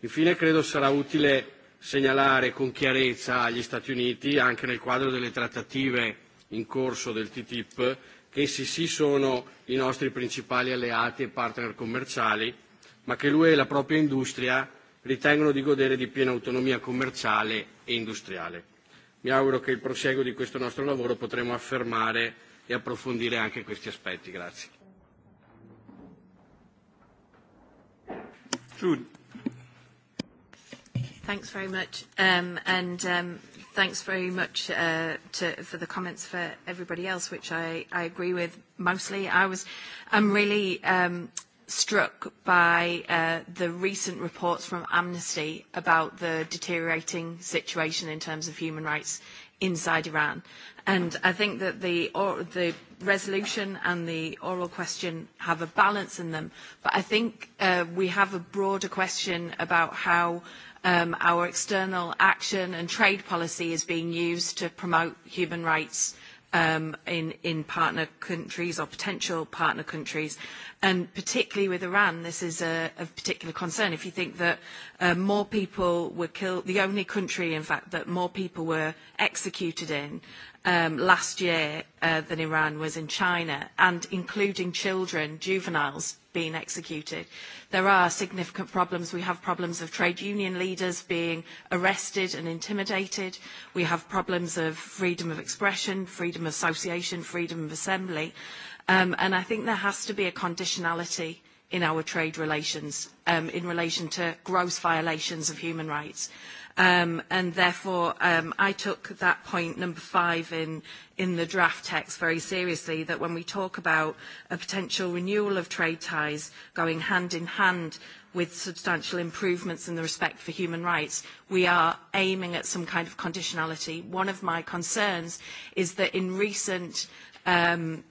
Infine credo sarà utile segnalare con chiarezza agli Stati Uniti, anche nel quadro delle trattative in corso del TTIP, che sì sì sono i nostri principali alleati e partner commerciali, ma che l'UE e la propria industria ritengono di godere di piena autonomia commerciale e industriale. Mi auguro che il proseguo di questo nostro lavoro potremo affermare e approfondire anche questi aspetti. Grazie. Jude. Thanks very much. Um, and um, thanks very much uh, to, for the comments for everybody else, which I, I agree with mostly. I was, I'm really um, struck by uh, the recent reports from Amnesty about the deteriorating situation in terms of human rights inside Iran. And I think that the, or, the resolution and the oral question have a balance in them. But I think uh, we have a broader question about how um, our external action and trade policy is being used to promote human rights um, in, in partner countries or potential partner countries. And particularly with Iran, this is a, a particular concern. If you think that uh, more people were killed, the only country, in fact, that more people were executed in um, last year uh, than Iran was in China, and including children, juveniles being executed. There are significant problems. We have problems of trade union leaders being arrested and intimidated. We have problems of freedom of expression, freedom of association, freedom of assembly. Um, and I think there has to be a conditionality in our trade relations um, in relation to gross violations of human rights um, and therefore um, I took that point number five in, in the draft text very seriously, that when we talk about a potential renewal of trade ties going hand in hand with substantial improvements in the respect for human rights, we are aiming at some kind of conditionality. One of my concerns is that in recent um,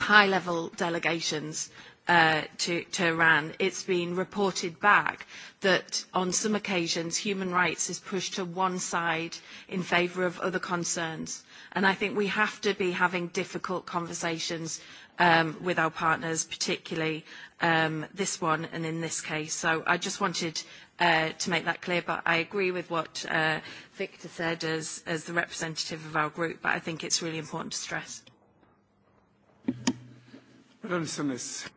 high-level delegations, uh, to, to Iran, it's been reported back that on some occasions human rights is pushed to one side in favour of other concerns. And I think we have to be having difficult conversations um, with our partners, particularly um, this one and in this case. So I just wanted uh, to make that clear, but I agree with what uh, Victor said as, as the representative of our group, but I think it's really important to stress. Madame Sanders.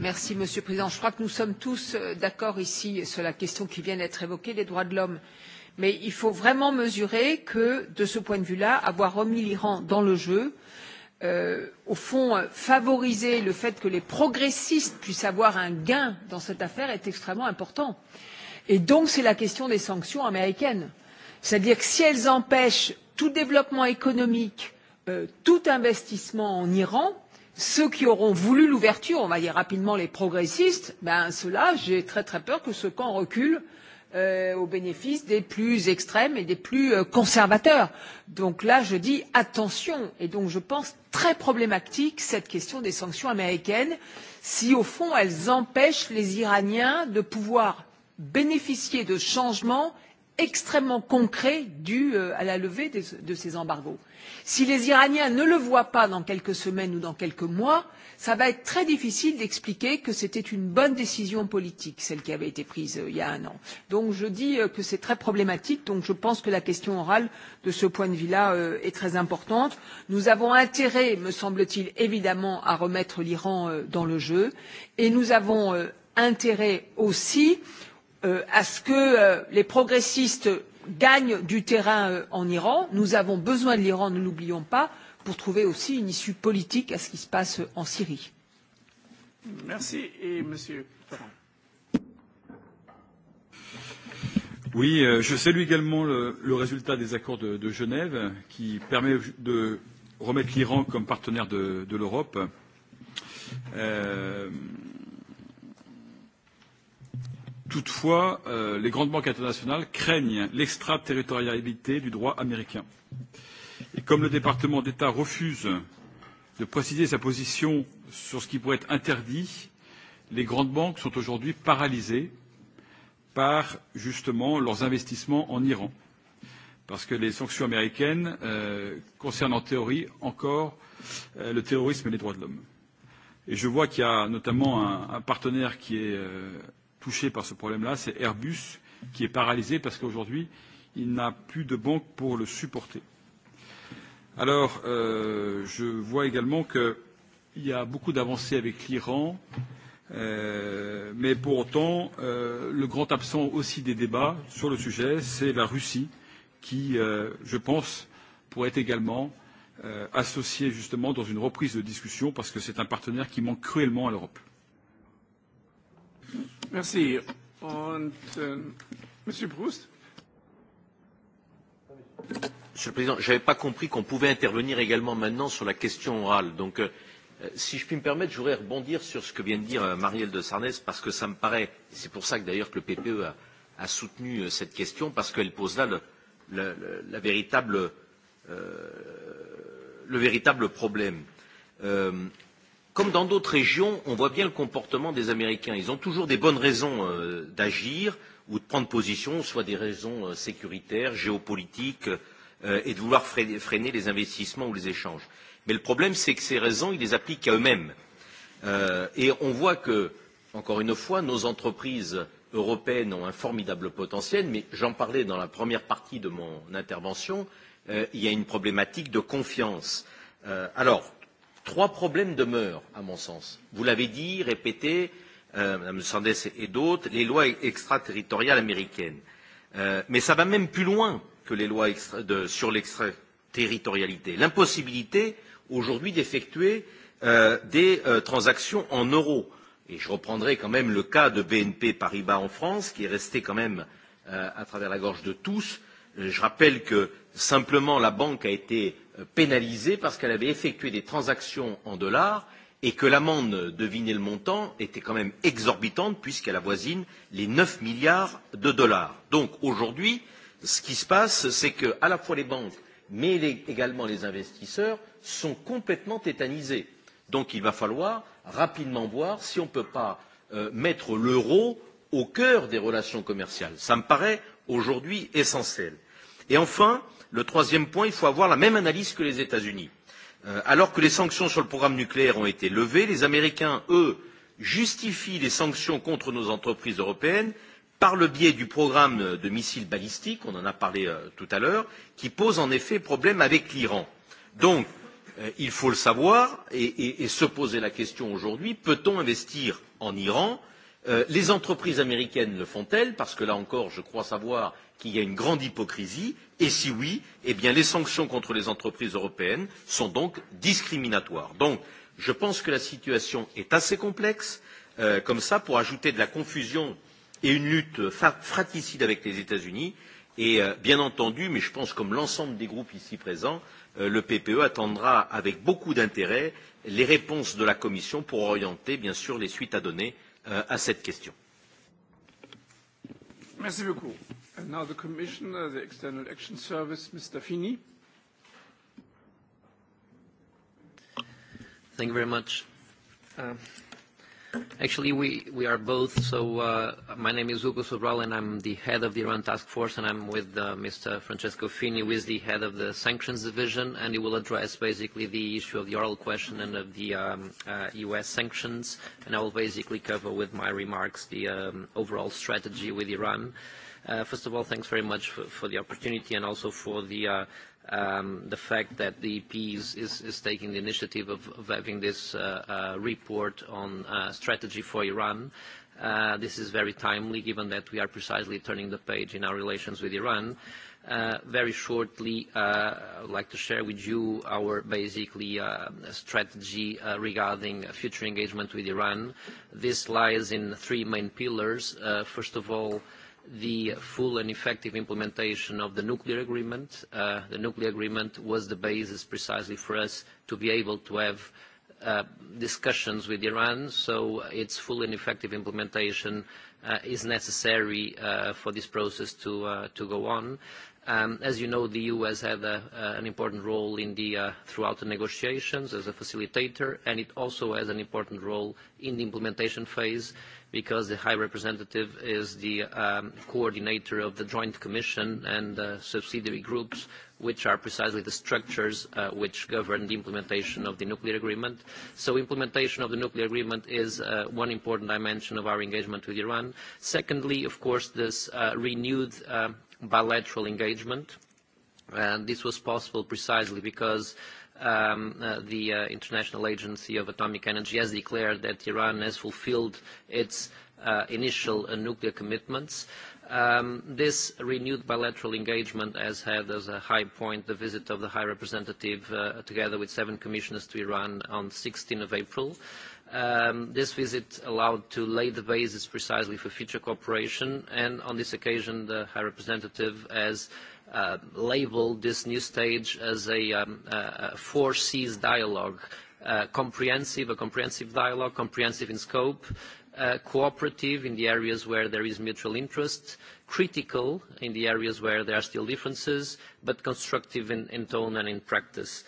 Merci, Monsieur le Président. Je crois que nous sommes tous euh, d'accord ici sur la question qui vient d'être évoquée des droits de l'homme. Mais il faut vraiment mesurer que, de ce point de vue-là, avoir remis l'Iran dans le jeu, euh, au fond, euh, favoriser le fait que les progressistes puissent avoir un gain dans cette affaire est extrêmement important. Et donc, c'est la question des sanctions américaines. C'est-à-dire que si elles empêchent tout développement économique, euh, tout investissement en Iran, ceux qui auront voulu l'ouverture, on va dire rapidement les progressistes, ben ceux-là, j'ai très très peur que ce camp recule euh, au bénéfice des plus extrêmes et des plus euh, conservateurs. Donc là, je dis attention. Et donc, je pense très problématique cette question des sanctions américaines, si au fond elles empêchent les Iraniens de pouvoir bénéficier de changements extrêmement concret dû euh, à la levée des, de ces embargos. Si les Iraniens ne le voient pas dans quelques semaines ou dans quelques mois, ça va être très difficile d'expliquer que c'était une bonne décision politique, celle qui avait été prise euh, il y a un an. Donc je dis euh, que c'est très problématique, donc je pense que la question orale, de ce point de vue-là, est très importante. Nous avons intérêt, me semble-t-il, évidemment, à remettre l'Iran dans le jeu, et nous avons intérêt aussi euh, euh, à ce que euh, les progressistes gagnent du terrain euh, en Iran. Nous avons besoin de l'Iran, ne l'oublions pas, pour trouver aussi une issue politique à ce qui se passe euh, en Syrie. Merci. Et Monsieur Ferrand. Oui, euh, je salue également le, le résultat des accords de, de Genève qui permet de remettre l'Iran comme partenaire de, de l'Europe. Euh, Toutefois, euh, les grandes banques internationales craignent l'extraterritorialité du droit américain. Et comme le département d'État refuse de préciser sa position sur ce qui pourrait être interdit, les grandes banques sont aujourd'hui paralysées par justement leurs investissements en Iran. Parce que les sanctions américaines euh, concernent en théorie encore euh, le terrorisme et les droits de l'homme. Et je vois qu'il y a notamment un, un partenaire qui est euh, touchés par ce problème-là, c'est Airbus qui est paralysé parce qu'aujourd'hui, il n'a plus de banque pour le supporter. Alors, euh, je vois également qu'il y a beaucoup d'avancées avec l'Iran, euh, mais pour autant, euh, le grand absent aussi des débats sur le sujet, c'est la Russie, qui, euh, je pense, pourrait également euh, associée justement dans une reprise de discussion, parce que c'est un partenaire qui manque cruellement à l'Europe. Merci. Und euh, Monsieur Proust Monsieur le Président, je n'avais pas compris qu'on pouvait intervenir également maintenant sur la question orale. Donc, euh, si je puis me permettre, je voudrais rebondir sur ce que vient de dire euh, Marielle de Sarnez, parce que ça me paraît, c'est pour ça que d'ailleurs que le PPE a, a soutenu euh, cette question, parce qu'elle pose là le, le, le, la véritable, euh, le véritable problème. Euh, comme dans d'autres régions, on voit bien le comportement des Américains. Ils ont toujours des bonnes raisons euh, d'agir ou de prendre position, soit des raisons euh, sécuritaires, géopolitiques, euh, et de vouloir freiner, freiner les investissements ou les échanges. Mais le problème, c'est que ces raisons, ils les appliquent à eux-mêmes. Euh, et on voit que, encore une fois, nos entreprises européennes ont un formidable potentiel, mais j'en parlais dans la première partie de mon intervention, euh, il y a une problématique de confiance. Euh, alors, trois problèmes demeurent, à mon sens. Vous l'avez dit, répété, euh, Mme Sandès et d'autres, les lois extraterritoriales américaines. Euh, mais ça va même plus loin que les lois extra de, sur l'extraterritorialité. L'impossibilité aujourd'hui d'effectuer euh, des euh, transactions en euros. Et je reprendrai quand même le cas de BNP Paribas en France, qui est resté quand même euh, à travers la gorge de tous. Euh, je rappelle que simplement la banque a été pénalisée parce qu'elle avait effectué des transactions en dollars et que l'amende, devinez le montant, était quand même exorbitante puisqu'elle avoisine les 9 milliards de dollars. Donc aujourd'hui, ce qui se passe, c'est que à la fois les banques, mais les, également les investisseurs sont complètement tétanisés. Donc il va falloir rapidement voir si on ne peut pas euh, mettre l'euro au cœur des relations commerciales. Ça me paraît aujourd'hui essentiel. Et enfin, euh, Le troisième point, il faut avoir la même analyse que les États-Unis. Euh, alors que les sanctions sur le programme nucléaire ont été levées, les Américains, eux, justifient les sanctions contre nos entreprises européennes par le biais du programme de missiles balistiques, on en a parlé euh, tout à l'heure, qui pose en effet problème avec l'Iran. Donc, euh, il faut le savoir et, et, et se poser la question aujourd'hui, peut-on investir en Iran euh, Euh, les entreprises américaines le font-elles Parce que là encore, je crois savoir qu'il y a une grande hypocrisie. Et si oui, eh bien les sanctions contre les entreprises européennes sont donc discriminatoires. Donc, je pense que la situation est assez complexe, euh, comme ça, pour ajouter de la confusion et une lutte fratricide avec les États-Unis. Et euh, bien entendu, mais je pense comme l'ensemble des groupes ici présents, euh, le PPE attendra avec beaucoup d'intérêt les réponses de la Commission pour orienter, bien sûr, les suites à donner euh, euh, à cette question. Merci beaucoup. And now the Commission, uh, the External Action Service, Mr. Fini. Thank you very much. Um, uh, Actually, we, we are both. So uh, my name is Hugo Sobral, and I'm the head of the Iran Task Force, and I'm with uh, Mr. Francesco Fini, who is the head of the Sanctions Division, and he will address basically the issue of the oral question and of the um, uh, U.S. sanctions, and I will basically cover with my remarks the um, overall strategy with Iran. Uh, first of all, thanks very much for, for the opportunity and also for the uh, um, the fact that the EP is, is, is taking the initiative of, of having this uh, uh, report on uh, strategy for Iran. Uh, this is very timely, given that we are precisely turning the page in our relations with Iran. Uh, very shortly, uh, I'd like to share with you our basically uh, strategy uh, regarding future engagement with Iran. This lies in three main pillars. Uh, first of all, the full and effective implementation of the nuclear agreement. Uh, the nuclear agreement was the basis precisely for us to be able to have uh, discussions with Iran, so its full and effective implementation uh, is necessary uh, for this process to, uh, to go on. Um, as you know, the EU has had a, uh, an important role in the, uh, throughout the negotiations as a facilitator, and it also has an important role in the implementation phase. Uh, because the High Representative is the um, coordinator of the Joint Commission and uh, subsidiary groups, which are precisely the structures uh, which govern the implementation of the nuclear agreement. So implementation of the nuclear agreement is uh, one important dimension of our engagement with Iran. Secondly, of course, this uh, renewed uh, bilateral engagement. And this was possible precisely because uh, um, uh, the uh, International Agency of Atomic Energy has declared that Iran has fulfilled its uh, initial uh, nuclear commitments. Um, this renewed bilateral engagement has had as a high point the visit of the High Representative uh, together with seven commissioners to Iran on 16 of April. Um, this visit allowed to lay the basis precisely for future cooperation and on this occasion the High Representative has uh, uh, label this new stage as a um, uh, uh, four C's dialogue, uh, comprehensive, a comprehensive dialogue, comprehensive in scope, uh, cooperative in the areas where there is mutual interest, critical in the areas where there are still differences, but constructive in, in tone and in practice.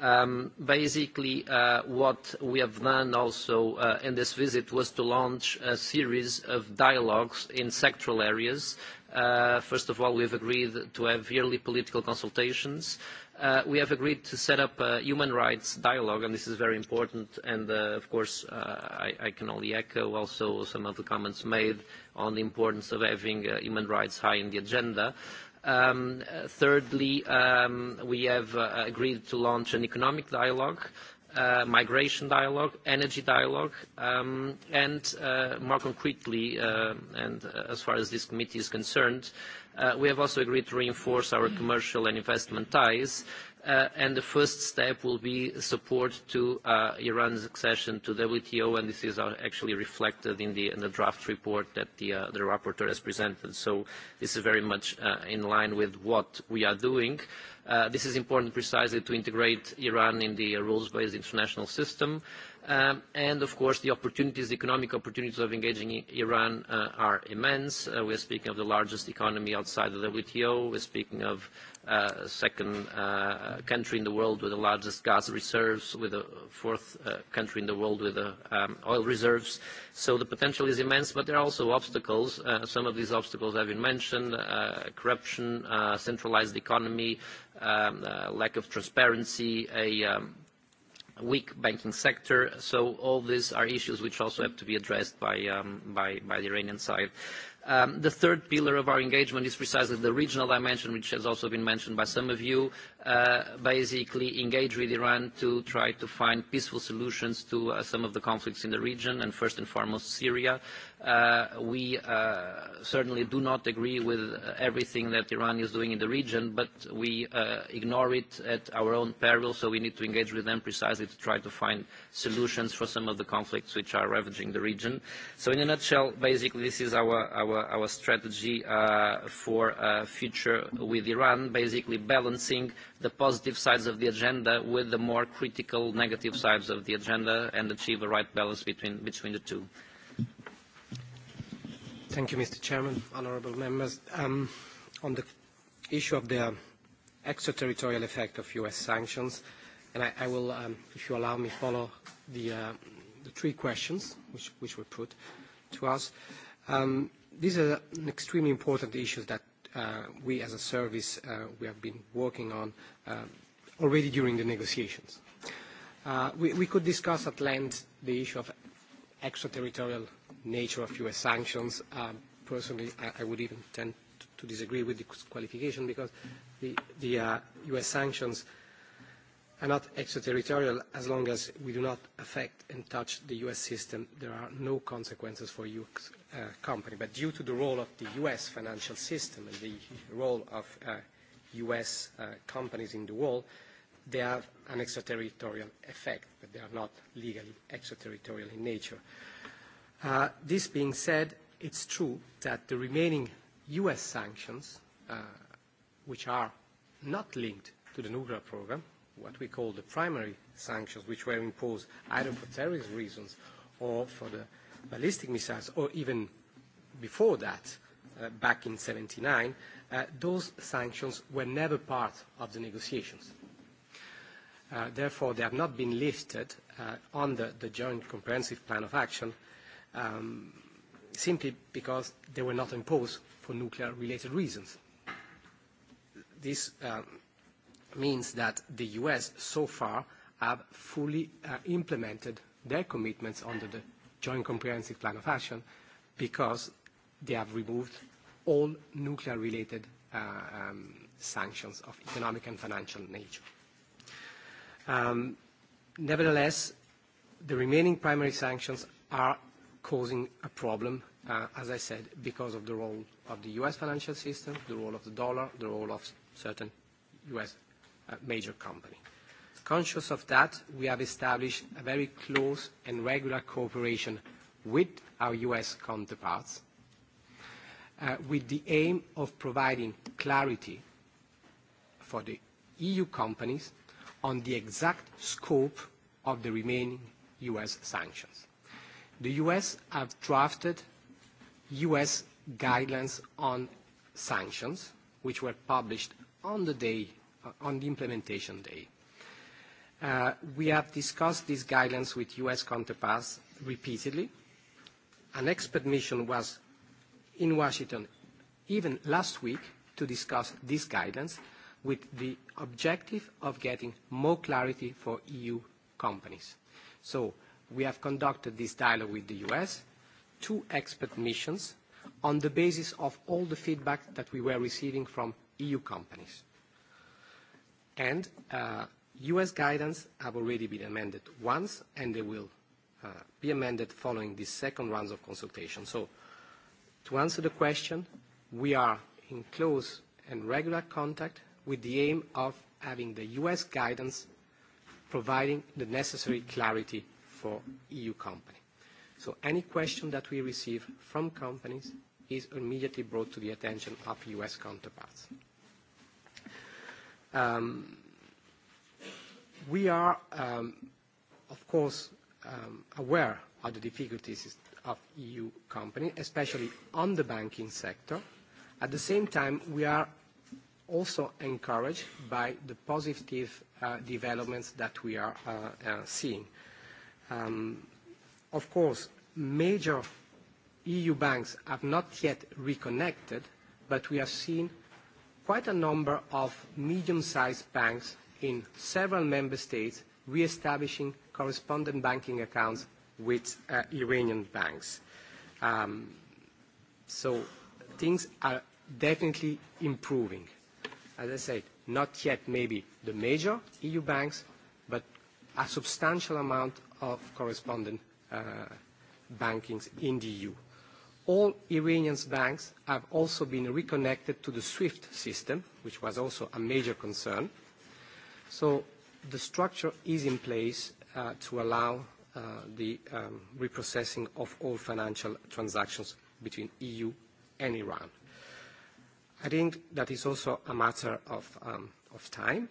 Um, basically, uh, what we have done also uh, in this visit was to launch a series of dialogues in sectoral areas Uh, first of all, we have agreed to have yearly political consultations. Uh, we have agreed to set up a human rights dialogue, and this is very important. And, uh, of course, uh, I, I can only echo also some of the comments made on the importance of having uh, human rights high in the agenda. Um, uh, thirdly, um, we have uh, agreed to launch an economic dialogue uh, uh, migration dialogue, energy dialogue, um, and uh, more concretely, uh, and uh, as far as this committee is concerned, uh, we have also agreed to reinforce our commercial and investment ties Uh, and the first step will be support to uh, Iran's accession to WTO, and this is uh, actually reflected in the, in the draft report that the, uh, the rapporteur has presented. So this is very much uh, in line with what we are doing. Uh, this is important precisely to integrate Iran in the rules-based international system. Um, and of course, the opportunities, the economic opportunities of engaging Iran are immense. We're speaking of the largest economy outside the WTO. We're speaking of uh, second uh, country in the world with the largest gas reserves, with the fourth uh, country in the world with the uh, um, oil reserves. So the potential is immense, but there are also obstacles. Uh, some of these obstacles have been mentioned, uh, corruption, uh, centralized economy, um, uh, lack of transparency, a um, weak banking sector. So all these are issues which also have to be addressed by, um, by, by the Iranian side. Uh, Um, the third pillar of our engagement is precisely the regional dimension, which has also been mentioned by some of you. Uh, basically, engage with Iran to try to find peaceful solutions to uh, some of the conflicts in the region, and first and foremost, Syria. Uh, uh, we uh, certainly do not agree with everything that Iran is doing in the region, but we uh, ignore it at our own peril, so we need to engage with them precisely to try to find solutions for some of the conflicts which are ravaging the region. So in a nutshell, basically this is our, our, our strategy uh, for uh, future with Iran, basically balancing the positive sides of the agenda with the more critical negative sides of the agenda and achieve a right balance between, between the two. Thank you, Mr. Chairman, honorable members. Um, on the issue of the extraterritorial effect of U.S. sanctions, and I, I will, um, if you allow me, follow the, uh, the three questions which, which were put to us. Um, these are extremely important issues that uh, we as a service, uh, we have been working on uh, already during the negotiations. Uh, we, we could discuss at length the issue of extraterritorial nature of U.S. sanctions. Um, personally, I, I would even tend to disagree with the qualification because the, the uh, U.S. sanctions are not extraterritorial as long as we do not affect and touch the U.S. system. There are no consequences for U.S. Uh, company. But due to the role of the U.S. financial system and the role of uh, U.S. Uh, companies in the world, they have an extraterritorial effect, but they are not legally extraterritorial in nature. Uh, Uh, this being said, it's true that the remaining U.S. sanctions, uh, which are not linked to the nuclear program, what we call the primary sanctions, which were imposed either for terrorist reasons or for the ballistic missiles, or even before that, uh, back in 79, uh, those sanctions were never part of the negotiations. Uh, therefore, they have not been lifted uh, under the Joint Comprehensive Plan of Action um, simply because they were not imposed for nuclear-related reasons. This um, means that the U.S. so far have fully uh, implemented their commitments under the Joint Comprehensive Plan of Action because they have removed all nuclear-related uh, um, sanctions of economic and financial nature. Um, nevertheless, the remaining primary sanctions are causing a problem, uh, as I said, because of the role of the U.S. financial system, the role of the dollar, the role of certain U.S. Uh, major company. Conscious of that, we have established a very close and regular cooperation with our U.S. counterparts, uh, with the aim of providing clarity for the EU companies on the exact scope of the remaining U.S. sanctions. The U.S. have drafted U.S. guidelines on sanctions, which were published on the day, uh, on the implementation day. Uh, we have discussed these guidelines with U.S. counterparts repeatedly. An expert mission was in Washington even last week to discuss these guidelines with the objective of getting more clarity for EU companies. So we have conducted this dialogue with the U.S., two expert missions on the basis of all the feedback that we were receiving from EU companies. And uh, U.S. guidance have already been amended once, and they will uh, be amended following this second round of consultation. So to answer the question, we are in close and regular contact with the aim of having the U.S. guidance providing the necessary clarity for EU company. So any question that we receive from companies is immediately brought to the attention of U.S. counterparts. Um, we are, um, of course, um, aware of the difficulties of EU company, especially on the banking sector. At the same time, we are also encouraged by the positive uh, developments that we are uh, uh, seeing. Um, of course, major EU banks have not yet reconnected, but we have seen quite a number of medium-sized banks in several member states reestablishing correspondent banking accounts with uh, Iranian banks. Um, so things are definitely improving. As I said, not yet maybe the major EU banks, a substantial amount of correspondent uh, bankings in the EU. All Iranian banks have also been reconnected to the SWIFT system, which was also a major concern. So the structure is in place uh, to allow uh, the um, reprocessing of all financial transactions between EU and Iran. I think that is also a matter of, um, of time,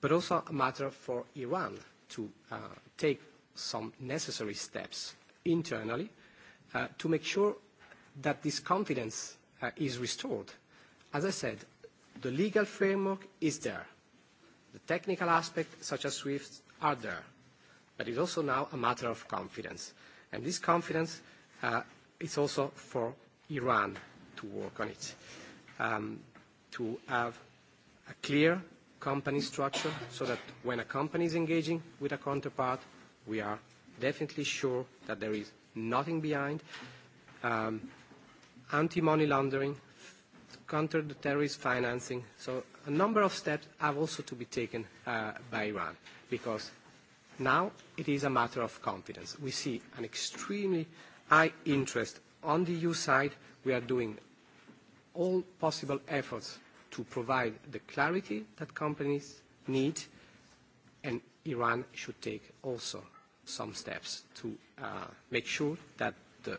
but also a matter for Iran to uh, take some necessary steps internally uh, to make sure that this confidence uh, is restored. As I said, the legal framework is there. The technical aspects, such as SWIFT, are there. But it's also now a matter of confidence. And this confidence uh, is also for Iran to work on it, um, to have a clear company structure so that when a company is engaging with a counterpart, we are definitely sure that there is nothing behind. Um, Anti-money laundering, counter the terrorist financing. So a number of steps have also to be taken uh, by Iran because now it is a matter of confidence. We see an extremely high interest on the EU side. We are doing all possible efforts to provide the clarity that companies need, and Iran should take also some steps to uh, make sure that the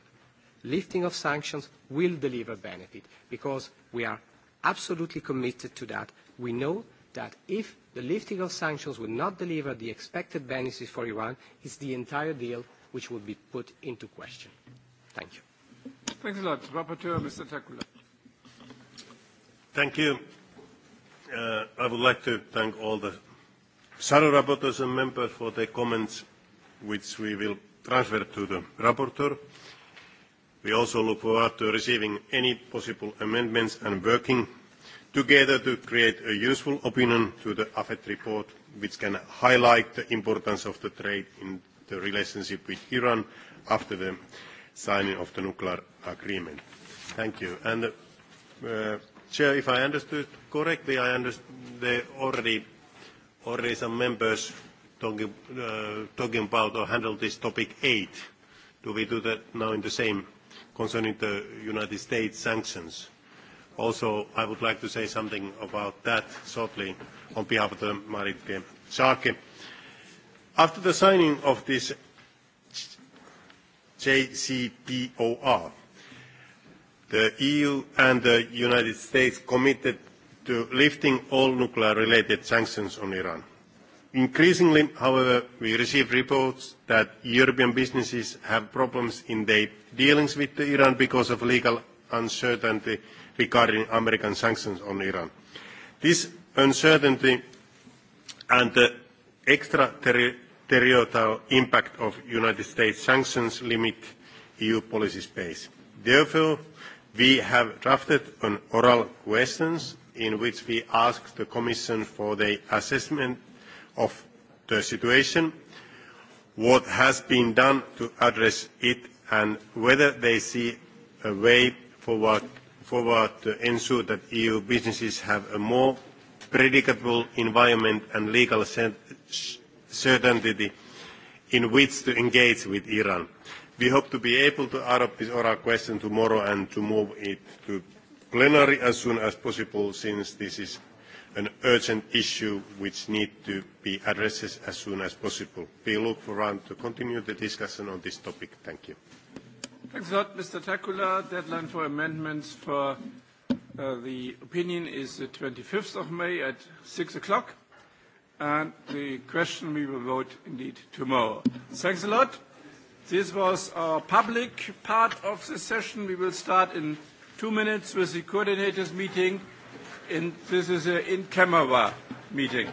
lifting of sanctions will deliver benefit, because we are absolutely committed to that. We know that if the lifting of sanctions will not deliver the expected benefits for Iran, it's the entire deal which will be put into question. Thank you. Thanks a lot. Rapporteur, Mr. Takkula. Thank you. Uh, I would like to thank all the shadow rapporteurs and members for their comments, which we will transfer to the rapporteur. We also look forward to receiving any possible amendments and working together to create a useful opinion to the AFET report, which can highlight the importance of the trade in the relationship with Iran after the signing of the nuclear agreement. Thank you. And, uh, Chair, if I understood correctly, I understood there already, already some members talking, uh, talking about or handled this topic 8. Do we do that now in the same concerning the United States sanctions? Also, I would like to say something about that shortly on behalf of the Marit Schaake. After the signing of this JCPOR, the EU and the United States committed to lifting all nuclear-related sanctions on Iran. Increasingly, however, we receive reports that European businesses have problems in their dealings with Iran because of legal uncertainty regarding American sanctions on Iran. This uncertainty and the extraterritorial impact of United States sanctions limit EU policy space. Therefore, We have drafted an oral questions in which we ask the Commission for the assessment of the situation, what has been done to address it, and whether they see a way forward, forward to ensure that EU businesses have a more predictable environment and legal certainty in which to engage with Iran. We hope to be able to adopt this oral question tomorrow and to move it to plenary as soon as possible, since this is an urgent issue which need to be addressed as soon as possible. We look forward to continue the discussion on this topic. Thank you. Thanks a lot, Mr. Takkula. Deadline for amendments for uh, the opinion is the 25th of May at 6 o'clock. And the question we will vote indeed tomorrow. Thanks a lot. This was our public part of the session. We will start in two minutes with the coordinators meeting, and this is an in-camera meeting.